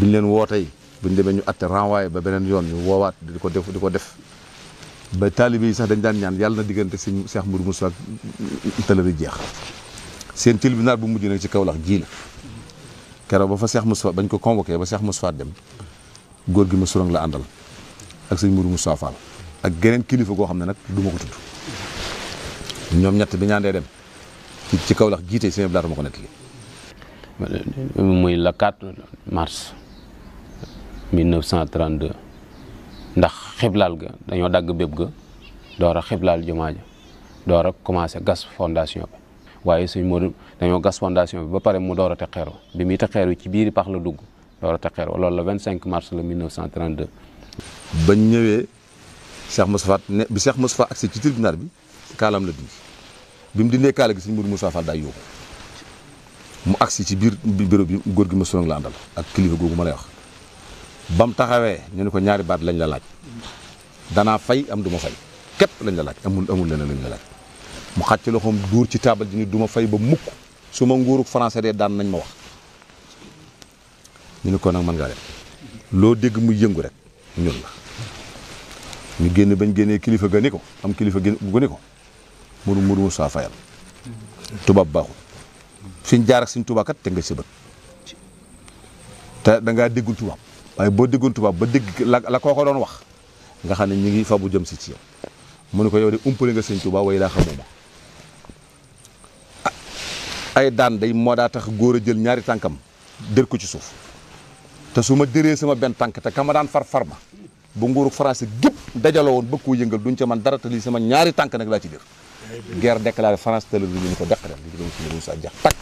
biñ leen woo bu ñu demee ñu atte renvoyé ba beneen yoon ñu woowaat di ko def di ko def ba taalibe yi sax dañ daan ñaan yàlla na diggante sëñ Cheikh Mourou Moussa tëlëri jeex seen bu mujj nag ci Kaolack jii la keroog ba fa Cheikh Moussa bañ ko convoqué ba Cheikh Moussa dem góor gi ma surang la àndal ak sëñ Mourou Moussa Fall ak geneen kilifa goo xam ne nag du ma ko tudd ñoom ñett bi ñaandee dem ci ci kaw lax jiite sëñ Abdou ma ko nettali muy le 4 mars 1932 ndax xiblaal ga dañoo dagg bépp ga door a xiblaal jumaa ja door a commencé gas fondation bi waaye sëñ Mourou dañoo gas bi ba pare mu door a teg xeer bi muy teg xeer wi ci biiri pax la dugg door a teg xeer loolu la 25 mars le 1932. bañ ñëwee Cheikh Moustapha ne bi Cheikh Moustapha agsi ci tribunal bi kaalam la dindi bi mu dindee kaala gi sëñ Mourou Moustapha Fall daay yóbbu mu agsi ci biir bi bureau bi góor gi ma sonal la àndal ak kilifa googu ma lay wax. ba mu taxawee ñu ne ko ñaari baat lañ la laaj danaa fay am du ma fay képp lañ la laaj amul amul leneen lañ la laaj mu xàcc loxoom su ma nguurug français dee daan nañ ma wax ñu ne ko nag mën ngaa dem loo dégg mu yëngu rek ñun la ñu génn bañ génne kilifa ga am kilifa gën gu ni ko mënu fayal tubaab baaxul fi ñu jaar suñ tubaab kat te nga si te da ngaa déggul tubaab waaye boo déggul tubaab ba dégg la la koo ko doon wax nga xam ne ñu ngi fa bu jëm si ci yow mu ne ko yow de umpale nga sëñ tubaab waaye laa xamoo ay daan day moo daa tax góor a jël ñaari tànkam dër ko ci suuf te su ma dëree sama benn tànk te kama daan far far ma bu nguuru français gépp dajaloo woon bëgg koo yëngal duñ ca man dara te lii sama ñaari tànk nag laa ci dër guerre déclarée France tëlal lu ñu ko deq rek li doon suñu Moussa jax tak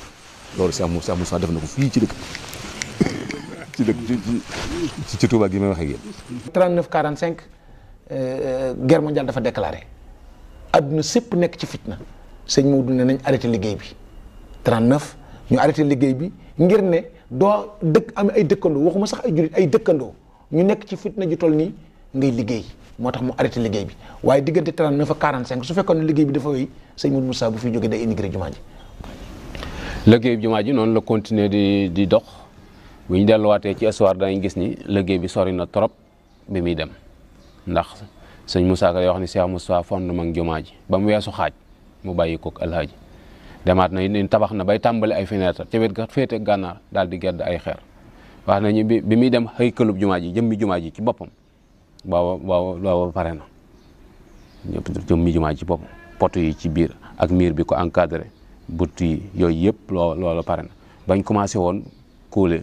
loolu Cheikh Moussa Moussa def na ko fii ci ci dëkk ci ci Touba gi may waxee ak yéen. 39 45 euh, euh, guerre mondiale dafa déclaré adduna sëpp nekk ci fitna sëñ Maodo ne nañ arrêté liggéey bi. 39 ñu arrêté liggéey bi ngir ne doo dëkk am ay dëkkandoo waxuma sax ay jullit ay dëkkandoo ñu nekk ci fitna ju toll nii ngay liggéey moo tax mu arrêté liggéey bi waaye diggante 39 ak 45 su fekkoon ne liggéey bi dafa wéy sëñ Modou bu fi jógee day immigré jumaa ji. liggéey bi jumaa ji noonu la continuer di di dox bu ñu delluwaatee ci histoire dañu gis ni liggéey bi sori na trop bi muy dem ndax sëñ Moussa Ka wax ni Cheikh Moussa fond mag jumaa ji ba mu weesu xaaj mu bàyyi koog alhaaji demaat na ñu tabax na bay tàmbali ay fenêtre ca wet ga féete gànnaar daal di gedd ay xeer wax nañu bi bi muy dem xëy këlub jumaa ji jëmmi jumaa ji ci boppam waaw waaw pare na jëmmi jumaa ci boppam poto yi ci biir ak miir bi ko encadré butt yi yooyu yëpp loo loolu pare na bañ commencé woon kuule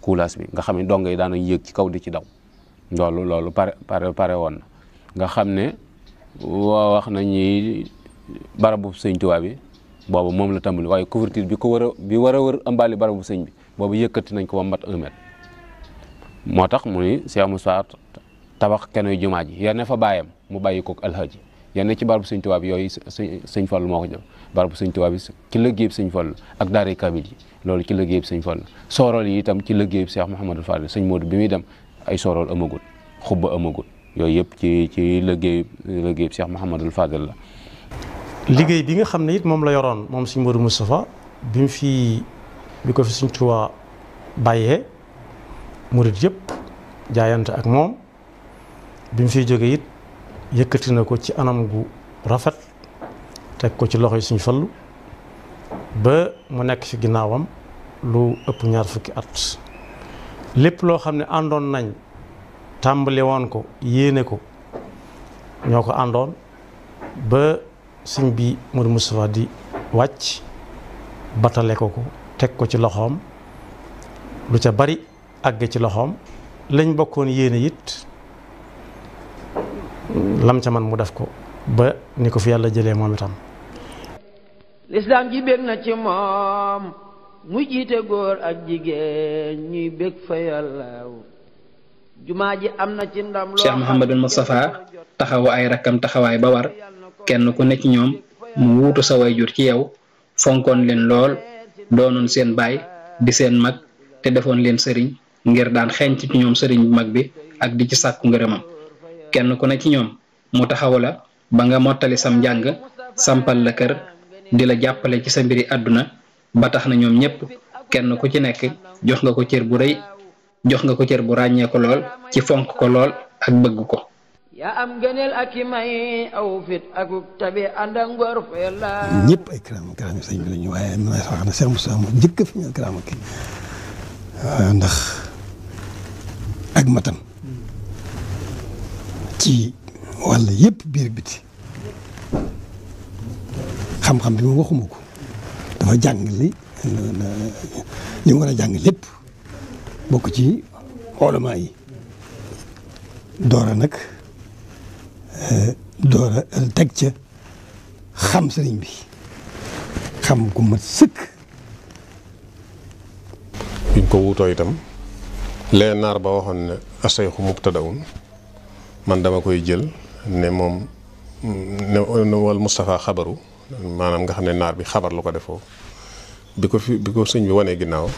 kuulaas bi nga xam ne dong yi daanañ yéeg ci kaw di ci daw loolu loolu pare pare pare woon na nga xam ne wax nañu barabu sëñ Tuubaa bi boobu moom la tàmbali waaye couverture bi ko war a bi war a wër ëmbaali barabu sëñ bi boobu yëkkati nañ ko ba mat moo tax mu ni Cheikh Moussa tabax kenoy jumaa ji yar ne fa baayam mu bàyyi kook alhaji yar ne ci barabu sëñ tubaab yooyu sëñ Fall moo ko jël barabu sëñ tubaab yi ci liggéeyub sëñ Fall ak daara kamil yi loolu ci liggéeyub sëñ Fall soorool yi itam ci liggéeyub Cheikh Mouhamadou Fall sëñ Modou bi muy dem ay soorool amagul xubba amagul yooyu yëpp ci ci liggéey liggéeyub Cheikh Mouhamadou Fadel la liggéey bi nga xam ne it moom la yoroon moom sëñ Modou Moustapha bi mu fi bi ko fi sëñ Tuubaa bàyyee murit yëpp jaayante ak moom bi mu fiy jógee it yëkkati na ko ci anam gu rafet teg ko ci loxo yi sëñ Fallu ba mu nekk fi ginnaawam lu ëpp ñaar fukki at lépp loo xam ne àndoon nañ tàmbali woon ko yéene ko ñoo ko àndoon ba sëñ bi Modou Moustapha di wàcc batale ko ko teg ko ci loxoom lu ca bari àgge ci loxoom lañ bokkoon yéene it lam ca man mu def ko ba ni ko fi yàlla jëlee moom itam lislaam ji bég na ci moom mu jiite góor ak jigéen ñuy bég fa yàlla jumaa ji am na ci ndam Cheikh Mouhamadou Moustapha taxawu ay rakkam taxawaay ba war kenn ku ne ci ñoom mu wuutu sa jur ci yow fonkoon leen lool doonoon seen baay di seen mag te defoon leen sëriñ ngir daan xeeñc ci ñoom sëriñ bu mag bi ak di ci sàkku ngërëmam kenn ku ne ci ñoom mu taxaw la ba nga mottali sam njàng sampal la kër di la jàppale ci sa mbiri àdduna ba tax na ñoom ñépp kenn ku ci nekk jox nga ko cër bu rëy jox nga ko cër bu ràññee ko lool ci fonk ko lool ak bëgg ko yaa am gëneel ak i may aw fit ak tabi ànd ak ngor fa yàlla. ñëpp ay kiraam kiraam sëñ bi la ñu waaye man sax njëkk fi ñu kiraam ak ndax ak matam ci wàll yépp biir biti xam-xam bi ma waxuma ko dafa jàng li li mu war a jàng lépp bokk ci xoolamaa yi doora nag. Euh, door euh, teg ca xam sëriñ bi xam ku mat sëkk. biñ ko wuutoo itam lee naar ba waxoon ne asayxu mubtadaun man dama koy jël ne moom ne wal Moustapha xabaru maanaam nga xam ne naar bi xabar lu ko defoo bi ko fi bi ko sëñ bi wanee ginnaaw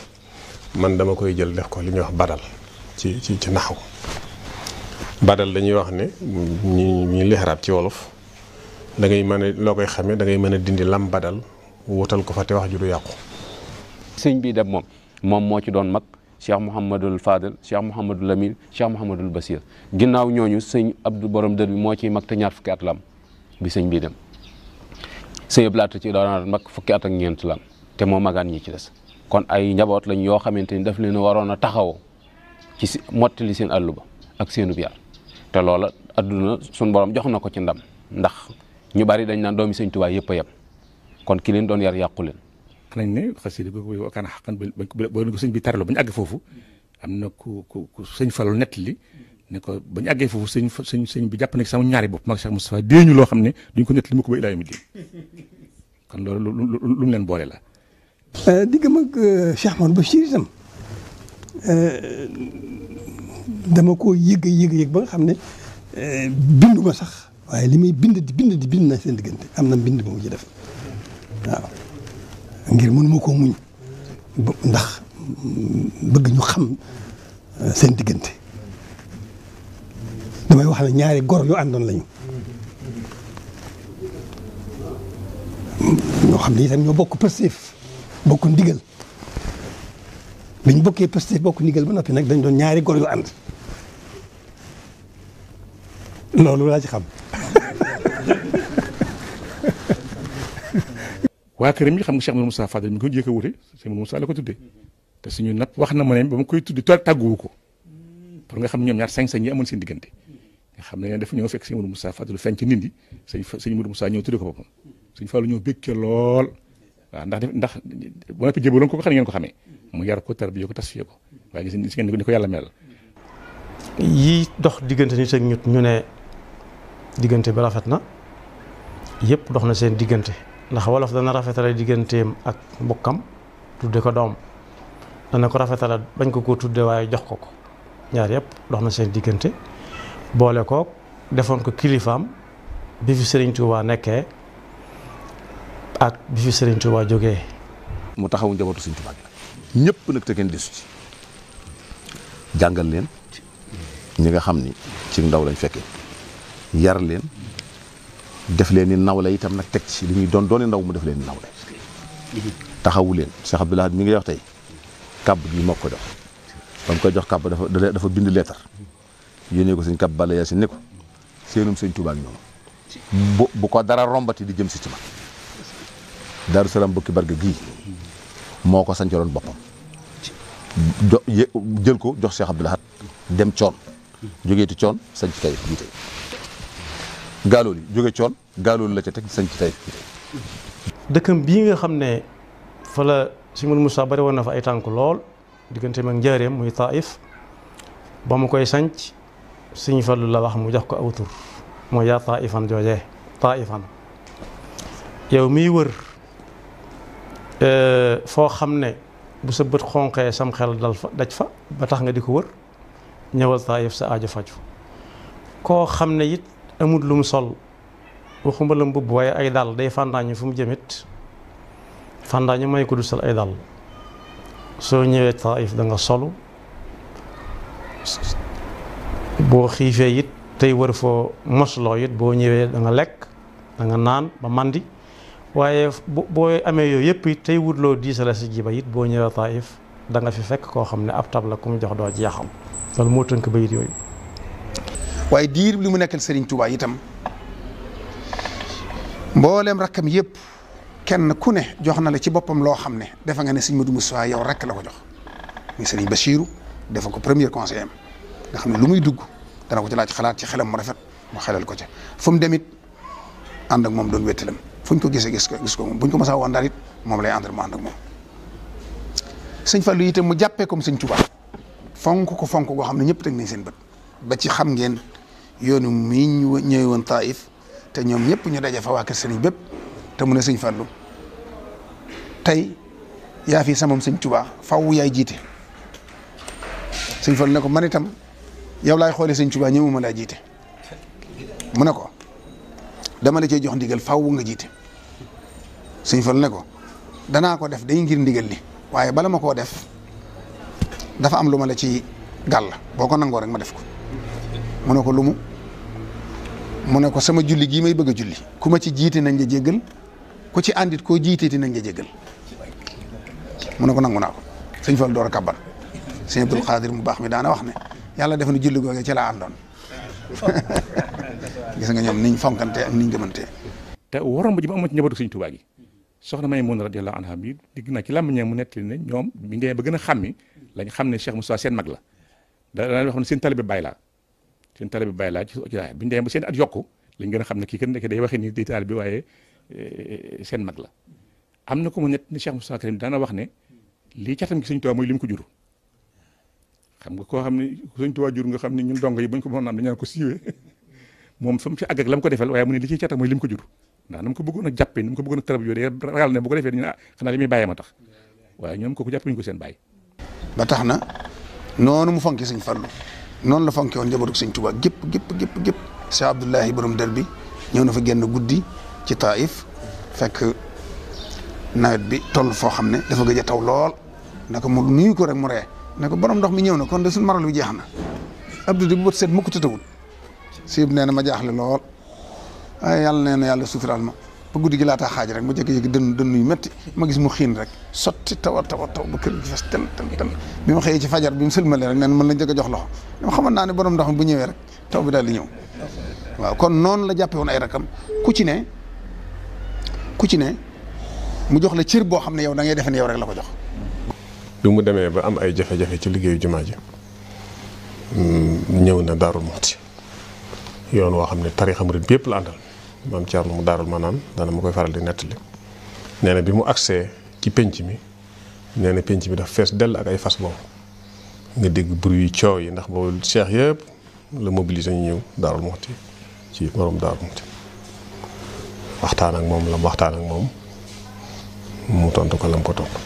man dama koy jël def ko li ñuy wax badal ci ci ci naxaw badal dañuy wax ne ñu ñu ci wolof dangay ngay mën a loo koy xamee da ngay mën a dindi lam badal wutal ko fa te wax ju du yàqu. sëñ bii dem moom moom moo ci doon mag Cheikh Mouhamadul Fadel Cheikh Mouhamadul Lamine Cheikh Mouhamadul Basir ginnaaw ñooñu sëñ Abdou Borom dër bi moo ciy mag te ñaar fukki at la bi sëñ bii dem sëñ Abdou Lahat ci doon mag fukki at ak ñeent la te moo magaan ñi ci des kon ay njaboot lañ yoo xamante ni daf leen a waroon a taxawoo ci si mottali seen àll ak seenu biar te loola adduna suñ borom jox na ko ci ndam ndax ñu bari dañ naan doomi sëñ Tuubaa yëpp a yem kon ki leen doon yar yàqu leen. nañ ne xasida bi boobu kan xaqan ba ko sëñ bi tarloo ba ñu àgg foofu na ko ba ñu àggee foofu sëñ sëñ sëñ bi jàpp na ci sama ñaari bopp mag Cheikh Moustapha déeñu loo xam ne duñ ko nett li mu ko ba ilaa yawmi diin kon loolu lu lu mu leen boole la. Euh, digg mag euh, Cheikh Ahmadou Bachir itam euh, dama ko yëg a yëg yëg ba nga xam ne eh, bindu ma sax waaye li may bind di bind di bind na seen diggante am na bind bu ci def ngir mënuma koo muñ ndax bëgg ñu xam eh, seen diggante damay wax ne ñaari gor yu àndoon lañu ñoo xam ne itam ñoo bokk pëstéef bokk ndigal biñ bokkee Pastef bokk ndigal ba noppi nag dañ doon ñaari góor yu ànd loolu laa ci xam. waa këram yi xam nga Cheikh Mouhamadou Moussa Fadel mi ko jëkk a wute Cheikh Mouhamadou Moussa la wax na ma ne ba ma koy tuddi tàgguwu ko pour nga xam ñoom ñaar sañ-sañ yi amoon seen diggante nga xam ne dafa ñëw fekk Cheikh Mouhamadou Moussa Fadel feeñ ci nit ñi sëñ sëñ Mouhamadou Moussa ñëw tudde ko boppam sëñ Fallou ñëw bég ca lool waaw ndax ndax bu noppi jébaloon ko ko xam ngeen ko xamee mu yar bi tarbiya ko tasfiya ko waaye gis gis ngeen ni ko yàlla melal yii dox diggante nit ak ñut ñu ne diggante bi rafet na yëpp dox na seen diggante ndax wolof dana rafetale digganteem ak mbokkam tudde ko doom dana ko rafetale bañ ko koo tudde waaye jox ko ko ñaar yëpp dox na seen diggante boole ko defoon ko kilifaam bi fi Sëriñ waa nekkee ak bi fi Serigne Touba jógee. mu taxawu njabootu Serigne Touba gi ñëpp nag te kenn desu ci jàngal leen ñi nga xam ni ci ndaw lañ fekkee yar leen def leen ni nawle itam nag teg ci li ñuy doon doone ndaw mu def leen ni nawle taxawu leen laa Abdoulaye mi ngi wax tey kàbb gi moo ko jox ba koy jox kàbb dafa dafa bind leetar yéene ko sëñ kàbb bala yaa si ne ko seenum sëñ Touba ñoom bu bu ko dara rombati di jëm si ci man Daaru Salaam bukki barga gii moo ko sancaloon boppam jël ko jox Cheikh Abdou Lahad dem coon jógeeti coon sanc tay jiite gaalool yi jóge coon gaalool la ca teg sanc tay dëkkam bii nga xam ne fa la Sëriñ Moussa bari woon na fa ay tànk lool diggante mag njaareem muy Taif ba mu koy sanc Sëriñ Fallu la wax mu jox ko awtur mooy yaa Taifan joojee Taifan yow miy wër Euh, foo xam ne bu sa bët xonqee sam xel dal fa daj fa ba tax nga di ko wër ñëwal taayif sa aajo faju koo xam ne it amul lu sol waxuma la mbubb waaye ay dàll day fàndaañu fu mu jëmit fàndaañu may ko sol ay dàll soo ñëwee taayif da danga solu boo xiifee it tey wër foo mosloo it boo ñëwee danga lekk danga nga naan ba màndi waaye boo amee yooyu yëpp it tey loo diisa la si jiba it boo ñëwee Taif da nga fi fekk koo xam ne ab tab la ko mu jox doo jeexam loolu moo tënk bayit yooyu waaye li mu nekkal Serigne Touba itam mbooleem rakkam yëpp kenn ku ne jox na la ci boppam loo xam ne defa nga ne Serigne Modou Moustapha yow rek la ko jox mu muy Serigne Bassirou defa ko premier conseiller am nga xam ne lu muy dugg dana ko ci laaj xalaat ci xelam mu rafet mu xelal ko ca fu mu demit ànd ak moom doon wéttalam fu ñu ko gisee gis ko gis ko bu ñu ko mos a woon ndar moom lay entraînement ànd ak moom. sëñ Fallou itam mu jàppee comme sëñ Tuubaa fonk ko fonk goo xam ne ñëpp teg nañ seen bët ba ci xam ngeen yoonu mii ñu ñëwee woon Taïf te ñoom ñëpp ñu daje fa waa kër sëriñ bépp te mun ne sëñ Fallou tey yaa fi samam sëñ Tuubaa faaw yaay jiite sëñ Fallou ne ko man itam yow laay xoole sëñ Tuubaa ñëwuma laa jiite mu ne ko dama la cee jox ndigal faaw nga jiite sëñ Fall ne ko danaa ko def day ngir ndigal li waaye bala ma koo def dafa am lu ma la ci gàll boo ko nangoo rek ma def ko mu ne ko lumu mu ne ko sama julli gii may bëgg a julli ku ma ci jiite nañ la jéggal ko ci àndit koo jiiteeti nañ la jéggal mu ne ko nangu naa ko sëñ Fall door a kabbar sëñ Abdul Xaadir mu baax mi daana wax ne yàlla def na julli googe ci laa àndoon gis nga ñoom niñ fonkante ak niñ gëmante te waroon ba ji ma amoon ci njabootu sëñ Tuubaa gi soxna Maymuna radiyallahu anha bi digg naa ci làmmiñam mu nettali ne ñoom bi ñu demee ba gën a xàmmi lañ xam ne Cheikh Moussa seen mag la da daan wax ne seen talibe Baay laa seen talibe Baay laa ci daay bi ñu demee seen at yokku lañ gën a xam ne kii kenn nekk day ni di taal bi waaye eh, seen mag la am na ko mu nett ni Cheikh Moussa daana wax ne lii catam gi Sëñ Tuubaa mooy li mu ko jur xam nga koo xam ne Sëñ Tuubaa jur nga xam ne ñun dong yi buñ ko mën a am ko siiwee moom fa mu fi àgg la mu ko defal waaye mu ne li ciy catam mooy li mu ko jur ndax na mu ko bëggoon a jàppee mu ko bëggoon a tarab ragal ne bu ko defee dañu ne ah xanaa li muy bàyyee ma tax waaye ñoom ko jàppee ñu ko seen bàyyi ba tax na noonu mu fonki sëñ Fallu noonu la fonke woon njabootu sëñ Tuubaa gépp gépp gépp gépp Cheikh Abdoulahi borom dër bi ñëw na fa génn guddi ci Taif fekk nawet bi toll foo xam ne dafa gëj a taw lool naka mu nuyu ko rek mu ree ne ko borom ndox mi ñëw na kon de suñu maral bi jeex na Abdou di bu bët seet mukk tëtawul siib nee na ma jaaxle lool waaye ah, yàlla nee na yàlla suturaal ma ba guddi gi laataa xaaj rek ma jékki-jékki dënn dënn yu métti ma gis mu xiin rek sotti taw a taw a taw ba kër gi fes ten ten ten bi ma xëyee ci fajar bi mu sëlmale rek neen mën lañ jëkk a jox loxo dama xamoon naa ne borom ndox mi taw bi daal di ñëw kon noonu la jàppee woon ay rakam ku ci ne ku ci ne mu jox la cër boo xam ne yow da ngay defe ne yow rek la ko jox bi mu demee ba am ay jafe-jafe ci liggéeyu jumaa ji mm, ñëw na Daaru Muxti yoon woo xam ne tarixa murit bi yëpp la àndal maam Thierno mu daarul maanaan dana ma koy faral di nettali nee na bi mu agsee ci pénc mi nee na pénc mi dafa fees dell ak ay fas boobu nga dégg bruit yi coow yi ndax boobu cheikh yëpp la mobiliser ñu ñëw daarul moxti ci borom daarul moxti waxtaan ak moom la waxtaan ak moom mu tontu ko lam ko tontu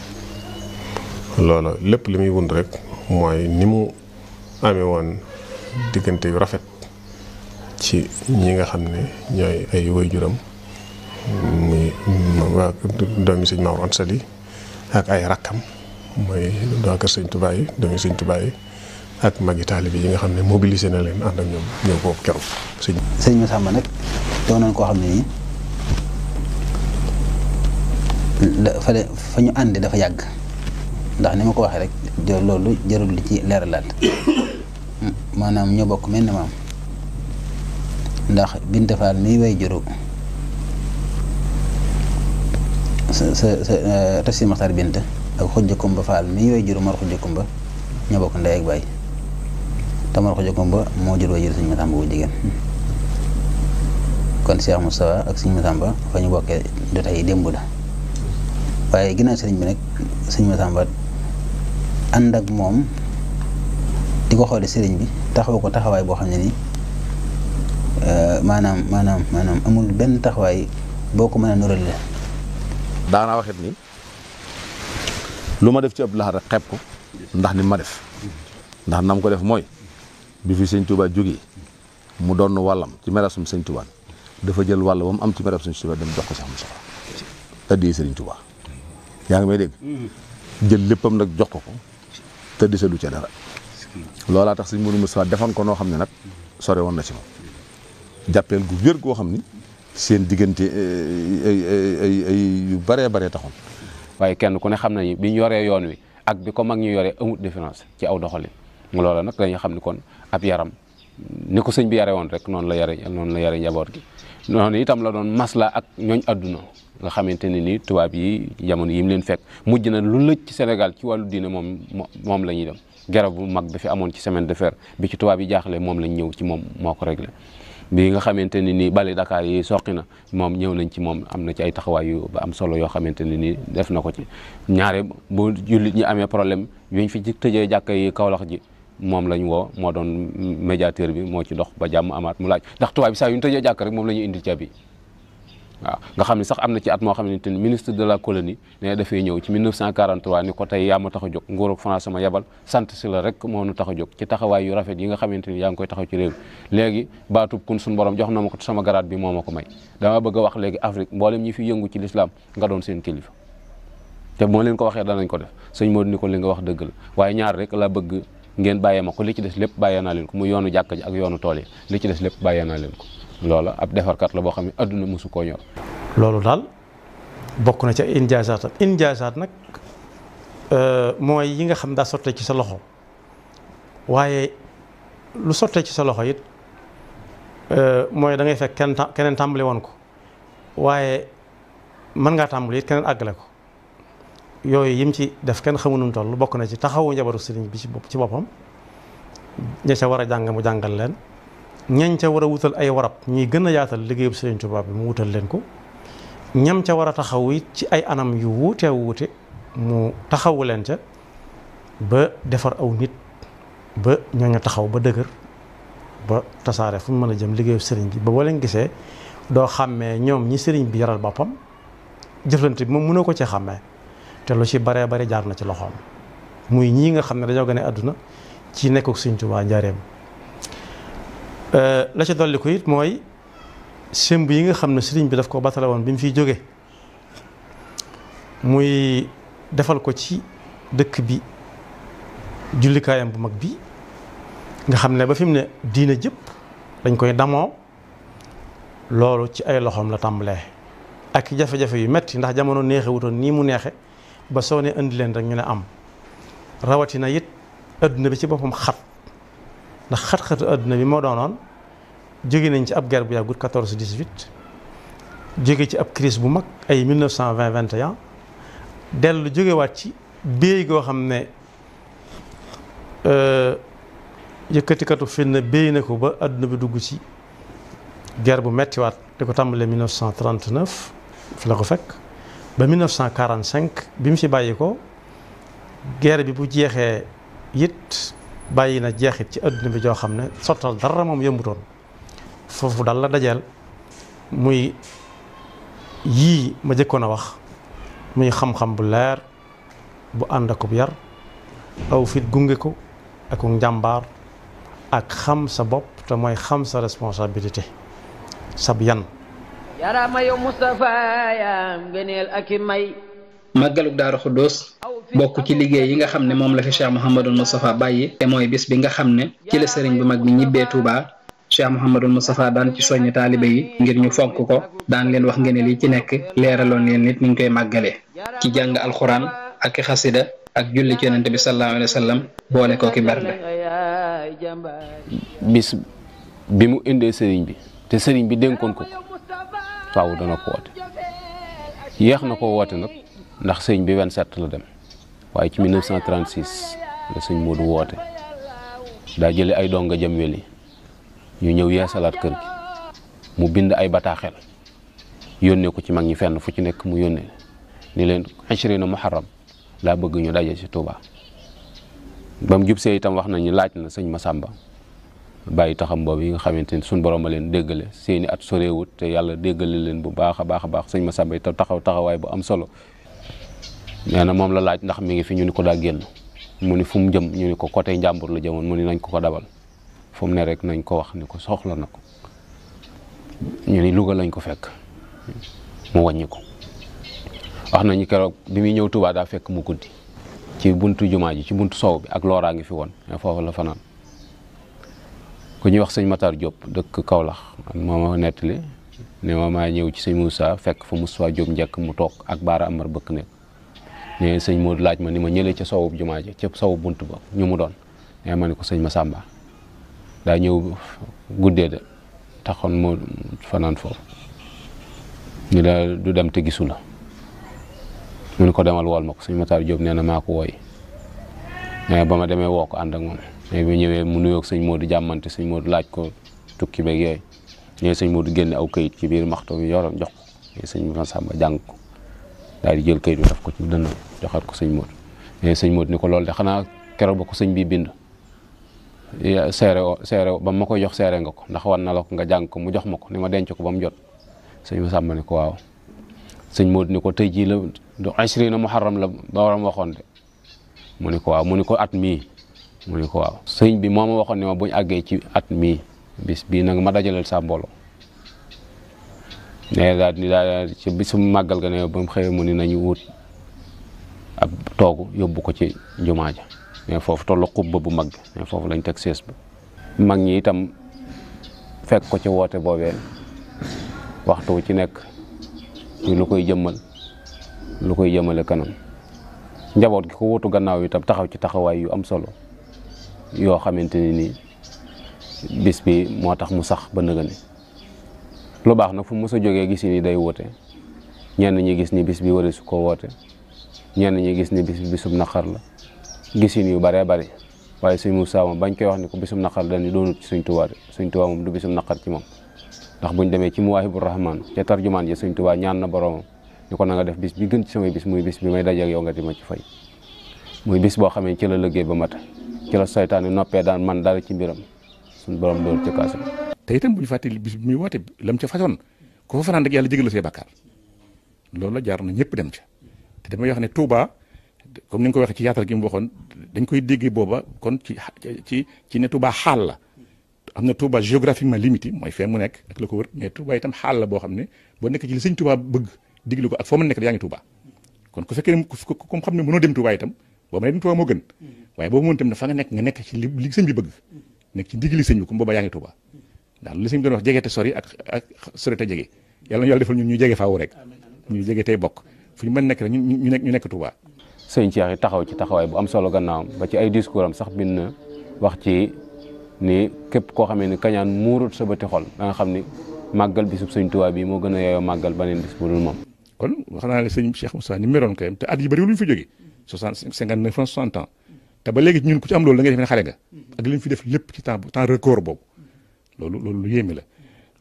loola lépp li muy wund rek mooy ni mu amee woon diggante yu rafet ci ñi nga xam ne ñooy ay waajuram muy waa doomi sëñ Maodo Anta Sali ak ay rakkam mooy waa sëñ tubaay yi doomi sëñ Tuubaa yi ak magi taalibe yi nga xam ne mobilisé na leen ànd ak ñoom ñëw ko keroog sëñ. sëñ Massamba nag doon nañ koo xam ne nii fa ñu ànd dafa yàgg ndax ni ma ko waxee rek loolu jarul li ci leeralaat maanaam ñoo bokk mel ne maam. ndax Binta Fall mii way juru sa sa sa eh, tas si Maxtaar Binta ak Xujja Kumba Fall mii way juru Mor Xujja Kumba ñoo bokk ndey ak baay te Mor Xujja Kumba moo jur way juru suñu Masamba bu jigéen kon Cheikh Moustapha ak suñu Masamba fa ñu bokkee jotay yi démb la waaye ginnaaw sëriñ bi nag suñu Masamba ànd ak moom di ko xoole sëriñ bi taxaw ko taxawaay boo xam ne nii Euh, maanaam maanaam maanaam amul benn taxawaay boo ko mën a nural la daanaa waxit ni lu ma def ci Abdou Lahad rek xeeb ko ndax ni ma def ndax nam ko def mooy bi fi sëñ Touba jógee mu doon wàllam ci merasum sëñ Touba dafa jël wàll ba mu am ci merasum sëñ Touba dem jox ko Cheikh Moussa tëddee sëriñ Touba yaa ngi may dégg jël léppam nag jox ko ko tëddi sa du ca dara loolaa tax sëñ Mourou Moussa defoon ko noo xam ne nag sore woon na ci moom jàppeel gu wér goo xam ni seen diggante eh, ay ay ay baree baree taxoon. waaye kenn ku ne xam nañu bi ñu yoree yoon wi ak bi ko mag ñu yoree amut différence ci aw doxalin loola nag dañuy xam ni kon ab yaram ni ko sëñ bi yare woon rek noonu la yare noonu la yare njaboot gi. noonu itam la doon masla ak ñooñ àdduna nga xamante ne ni tubaab yi jamono yi leen fekk mujj na lu lëj ci Sénégal ci wàllu diine moom moom la ñuy dem garab bu mag bi amoon ci semaine de fer bi ci tubaab yi jaaxle moom lañ ñëw ci moom moo ko réglé. bi nga xamante ne nii bali Dakar yi soqi na moom ñëw nañ ci moom am na ci ay taxawaay ba am solo yoo xamante ne nii def na ko ci ñaare bu jullit ñi amee problème yuñ fi ci tëjee jàkka yi Kaolack ji moom lañ woo moo doon médiateur bi moo ci dox ba jàmm amaat mu laaj ndax tubaab bi saa yu ñu tëjee jàkk rek moom la indi indil bi waaw nga xam ne sax am na ci at moo xamante ni ministre de la colonie ne dafay ñëw ci 1943 ni ko tey yaa ma tax a jóg nguurug France ma yebal sant si la rek moo nu tax a jóg ci taxawaay yu rafet yi nga xamante ni yaa ngi koy taxaw ci réew mi léegi baatub kun suñu borom jox na ma ko sama garaade bi moo ma ko may dama bëgg a wax léegi Afrique mboolem ñi fi yëngu ci lislaam nga doon seen kilifa te moo leen ko waxee danañ ko def sëñ Modou ni ko li wax dëgg la ñaar rek la bëgg ngeen bàyyee ma li ci des lépp bàyyee naa leen ko mu yoonu jàkk ak yoonu tool yi li ci des lépp bàyyee naa leen ko loola ab defarkat la boo xam ne adduna mosu koo ñor. loolu daal bokk na ci injaasaat injaasaat nag euh, mooy yi nga xam daa sottee ci sa loxo waaye lu sottee ci sa loxo it euh, mooy da ngay fekk kenn keneen tàmbali woon ko waaye man ngaa tàmbali it keneen àggale ko yooyu yim ci def kenn xamu nu mu toll bokk na ci taxawu njabaru sëriñ bi ci boppam ña war a jàng mu jàngal leen. ñañ ca war a wutal ay warab ñuy gën a yaatal liggéeyub Sëriñ Tuubaa bi mu wutal leen ko ñam ca war a taxaw it ci ay anam yu wuute wuute mu taxawu leen ca ba defar aw nit ba ngi taxaw ba dëgër ba tasaare fu mu mën a jëm liggéeyub sëriñ bi ba boo leen gisee doo xàmmee ñoom ñi sëriñ bi yaral boppam jëflante bi moom mënoo ko ci xàmmee te lu ci baree bari jaar na ci loxoom muy ñii nga xam ne dañoo gën a àdduna ci nekkuk Sëriñ Tuubaa njaareem Euh, la ca dolli ko it mooy sëmb yi nga xam ne sëriñ bi daf ko batale woon bi mu fiy jóge muy defal ko ci dëkk bi jullikaayam bu mag bi nga xam ne ba fi mu ne diina jëpp dañ koy damoo loolu ci ay loxoom la tàmbalee ak jafe-jafe yu metti ndax jamono neexe wutoon nii mu neexe ba soo ne indi leen rek ñu ne am rawatina it adduna bi ci boppam xat ndax xat-xatu àdduna bi moo doonoon jóge nañ ci ab guerre bu yàggut 14 18 jóge ci ab crise bu mag ay 1920 21 dellu jógewaat ci béy goo xam ne euh, yëkkatikatu fitna béy na ko ba àdduna bi dugg ci guerre bu mettiwaat di ko tàmbalee 1939 fi la ko fekk ba 1945 bi mu ci bàyyi ko guerre bi bu jeexee it bàyyi na jeexit ci adduna bi joo xam ne sottal dara moom yëmbutoon foofu dal la dajeel muy yii ma jëkkoon a wax muy xam-xam bu leer bu ànd akub yar aw fit gunge ko ak njàmbaar ak xam sa bopp te mooy xam sa responsabilité sab yan. yaraama yow Moustapha yaa ngëneel ak i may. màggalug Daaru Xuddoos bokk ci liggéey yi nga xam ne moom la fi Cheikh Mouhamadul Moustapha bàyyi te mooy bis bi nga xam ne ci la sëriñ bu mag bi ñibbee Touba Cheikh Mouhamadul Moustapha daan ci soññ taalibe yi ngir ñu fonk ko daan leen wax ngeen li ci nekk leeraloon leen nit ñu koy màggale ci jàng alxuraan ak xasida ak julli ci yonente bi sallallahu alayhi wa sallam boole ko ki bernde bis bi mu indee sëriñ bi te sëriñ bi dénkoon ko faaw dana ko woote yéex ko woote nag ndax sëñ bi 27 la dem waaye ci 1936 la sëñ Modou woote daa jële ay donga jëm weli ñu ñëw yeesalaat kër gi mu bind ay bataaxel yónnee ko ci mag ñi fenn fu ci nekk mu yónnee ni leen ashrina muharram laa bëgg ñu daje ci Touba ba mu jub see itam wax nañu laaj na sëñ ma Masamba bàyyi taxam boobu yi nga xamante ni suñ borom a leen déggale seeni at soreewut te yàlla déggale leen bu baax a baax a baax sëñ Masamba itam taxaw taxawaay bu am solo nee na moom la laaj ndax mi ngi fi ñu ni ko daa génn mu ni fu mu jëm ñu ni ko côté njàmbur la jëmoon mu ni nañ ko ko dabal fu ne rek nañ ko wax ni ko soxla na ko ñu ni Louga lañ ko fekk mu wàññi wax nañu keroog bi muy ñëw Touba daa fekk mu guddi ci buntu jumaa ji ci buntu soow bi ak looraa ngi fi woon foofu la fanaan ku ñuy wax sëñ Matar Diop dëkk Kaolack moo ma nettali ne ma maa ñëw ci sëñ Moussa fekk fa Moussa Diop njëkk mu toog ak Baara Amar bëkk nekk nee sëñ Modou laaj ma ni ma ñëlee ca sowub jumaa ji ca sowu bunt ba ñu mu doon nee eh, ma ne ko ma Massamba daa ñëw guddee de taxoon mu fanaan foofu ñu du dem te gisu la mu ne ko demal wool ma ko sëñ Matar Diop nee na maa ko wooy eh, ba ma demee woo ko ànd ak moom mais eh, bi ñëwee mu nuyoog sëñ Modou jàmmante sëñ Modou laaj ko tukki beeg yooyu ñëwee sëñ moodu génne aw kayit ci biir maxto bi yoroon jox ko sëñ ko daal di jël kayi bi daf ko ci dënn joxaat ko sëñ Móot eh, sëñ Móot ni ko loolu de xanaa keroog ba ko sëñ bi bind eh, seere ma koy jox seere nga ko ndax na la ko nga jàng mu jox ma ko ni ma denc ko ba mu jot sëñ ma sàmm ni ko waaw sëñ Móot ko tey jii la du ashrina muharram la ba waram waxoon de mu ni ko mu ni ko at mii mu ni ko sëñ bi moo ma waxoon ni ma buñ àggee ci at mii bis bii nag ma dajaleel sa mbooloo ne daal ni daal ci bisum màggal ga ne ba mu xëyee mu ni nañu wut ab toogu yóbbu ko ci jumaa ja ne foofu tollu xubba bu mag bi foofu lañ teg sées ba mag ñi itam fekk ko ci woote boobee waxtu ci nekk lu koy jëmmal lu koy jëmale kanam njaboot gi ko wutu gannaaw itam taxaw ci taxawaay yu am solo yoo xamante ni bis bi moo tax mu sax ba nëgëni lu baax nag fu mos a jogee gis ni day woote ñenn ñi gis ni bis bi wari su ko woote ñenn ñi gis ni bis bi bisum naqar la gisin yu bëree bëri waaye suñ Moussa moom bañ koy wax ni ko bisum naqar dañu doonut ci suñ Tuubaa suñ Tuubaa moom du bisum naqar ci moom ndax buñ demee ci Muwaahibur Rahmaan ca tarjumaan ji suñ Tuubaa ñaan na boroomam ni ko na nga def bis bi gën ci samay bis muy bis bi may dajeek yow nga di ma ci fay muy bis boo xamee ci la liggéey ba mat ci la seytaane noppee daan man dara ci mbiram suñ borom doon ci kaasam te itam bu ñu fàttali bis bi muy woote lam ca façon ko fa fanaan rek yàlla jégal la say bàkkaar loolu la jaar na ñëpp dem ca te damay wax ne Touba comme ni ko waxee ci yaatal gi mu waxoon dañ koy déggee booba kon ci ci ci ne Touba xaal la am na Touba géographiquement limité mooy fee mu nekk ak la ko xaal la boo xam ne boo nekk ci li sëñ Touba bëgg digle ko ak foo mën nekk yaa ngi Touba kon ku xam ne mënoo dem dem Touba moo waaye boobu moom itam ne fa nga nekk nga nekk ci li sëñ bi bëgg nekk ci digli sëñ bi comme booba yaa ngi Touba ndax li suñ doon wax jege te sori yàlla na yàlla ñu jege faaw rek jege tey bokk fu ñu mën nekk rek ñu nekk ñu nekk Touba. sëñ Cheikh taxaw ci taxawaay bu am solo gannaawam ba ci ay discours am sax bind na wax ci ni képp koo xamee ni kañaan muurut sa bëti xol da nga xam ni màggal bisub sëñ Touba bi moo gën a yaayoo màggal beneen bis bu dul moom. kon wax naa ne sëñ Cheikh Moussa ni mu meloon kayam te at yi bëriwul ñu fi jógee soixante cinquante neuf soixante ans te ba ñun ku ci am loolu da ngay ne xale nga mm-hmm. ak li ñu fi def lépp ci temps temps record boobu loolu loolu lu yéeme la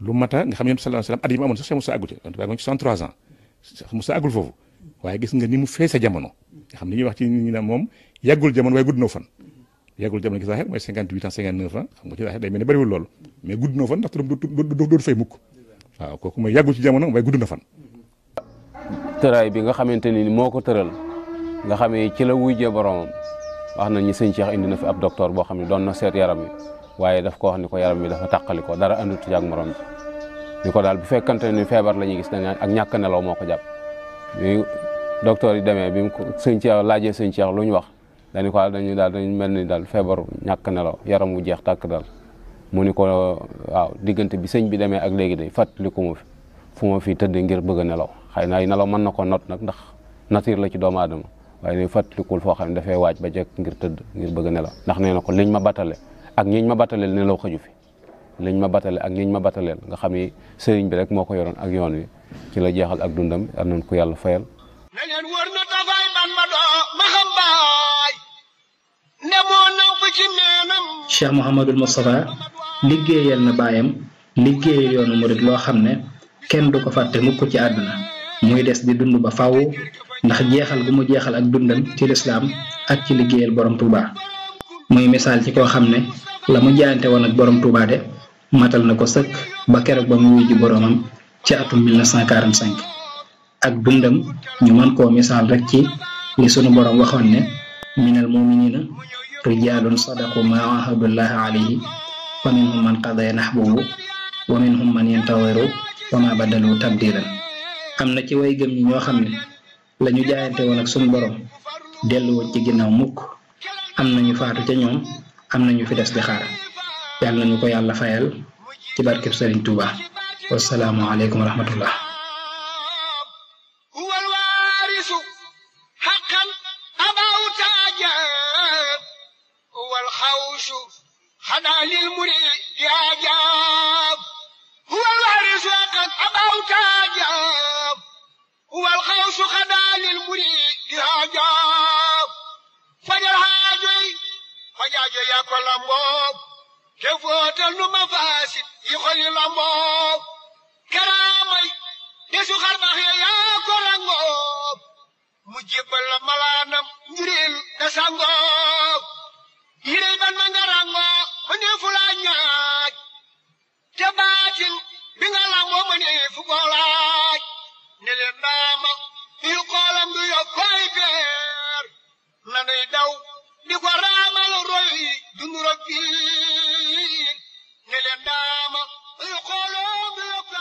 lu mata nga xam yonent sallallahu alayhi wasallam at yi mu amoon sax waaye gis nga ni mu feese jamono xam ni ñuy wax ci nit ñi naan moom yàggul jamono waaye gudd na fan yàggul jamono gi sax mooy 58 ans 59 ans xam nga ci sax day ne bëriwul loolu mais gudd na fan ndax turam dootu fay mukk waaw kooku ma yàggul ci jamono waaye gudd na fan tëraay bi nga xamante ni moo ko tëral nga xamee ci la wujjee boromam wax nañu ni sëñ indi na fi ab docteur boo xam ne doon na seet yaram yi waaye daf ko wax ni ko yaram mi dafa tàqali ko dara andut ci ak morom ji ni ko daal bu fekkante ni feebar la ñuy gis dañu ak ñàkk nelaw moo ko jàpp bi yi demee bi ko sëñ Ceex laajee lu ñu wax dañu ko daal mel ni daal feebaru ñàkk nelaw yaram wu jeex tàkk daal mu ni ko diggante bi sëñ bi demee ak léegi day fàttaliku ma fi fu ma fi tëdd ngir bëgg nelaw xëy na ay nelaw mën na ko not nag ndax nature la ci doomu aadama waaye day fàttalikul foo xam ne dafay waaj ba jekk ngir tëdd ngir bëgg a nelaw ndax na ko liñ ma batale ak ñiñ ma battaleel ne law xaju fi liñ ma batale ak ñiñ ma battaleel nga xam ni sëriñ bi rek moo ko yoroon ak yoon wi ci la jeexal ak dundam am nañ ko yàlla fayal na leen ma doo ma xam baay ne ci yoonu murit loo xam ne kenn du ko fàtte mukk ci àdduna muy des di dund ba fàww ndax jeexal gu mu jeexal ak dundam lislaam ak ci liggéeyal borom Tuubaa muy misaal ci ko xam ne la mu jaayante woon ak borom Touba de matal na ko sëkk ba keroog ba mu wuy ji boromam ci atum 1945 ak dundam ñu mën koo misaal rek ci li sunu borom waxoon ne minal muminina rijaalun sadaqu maa ahadullahi alayhi fa minhum man qadaya nahbahu wa minhum man yantadiru wa am na ci way gëm ñi ñoo xam ne la jaayante woon ak sunu borom delluwoon ci ginnaaw mukk am na ñu faatu ca ñoom am nañu fi des di xaar yàlla nañu ko yàlla fayal ci barkeb Sëriñ Tuuba wasalaamu aleykum wa te footal nu ma faasit yi xol yi karaamay desu xarbax ya mu jébbal la malaanam njuril da sangoo yirey ban ma nga rangoo ma ne te baatin bi nga lamboo ma ne fu ko laaj ne leen daama yu xoolam du yo daw di ko raamal roy dundurag fii ne leen daama xooloo bi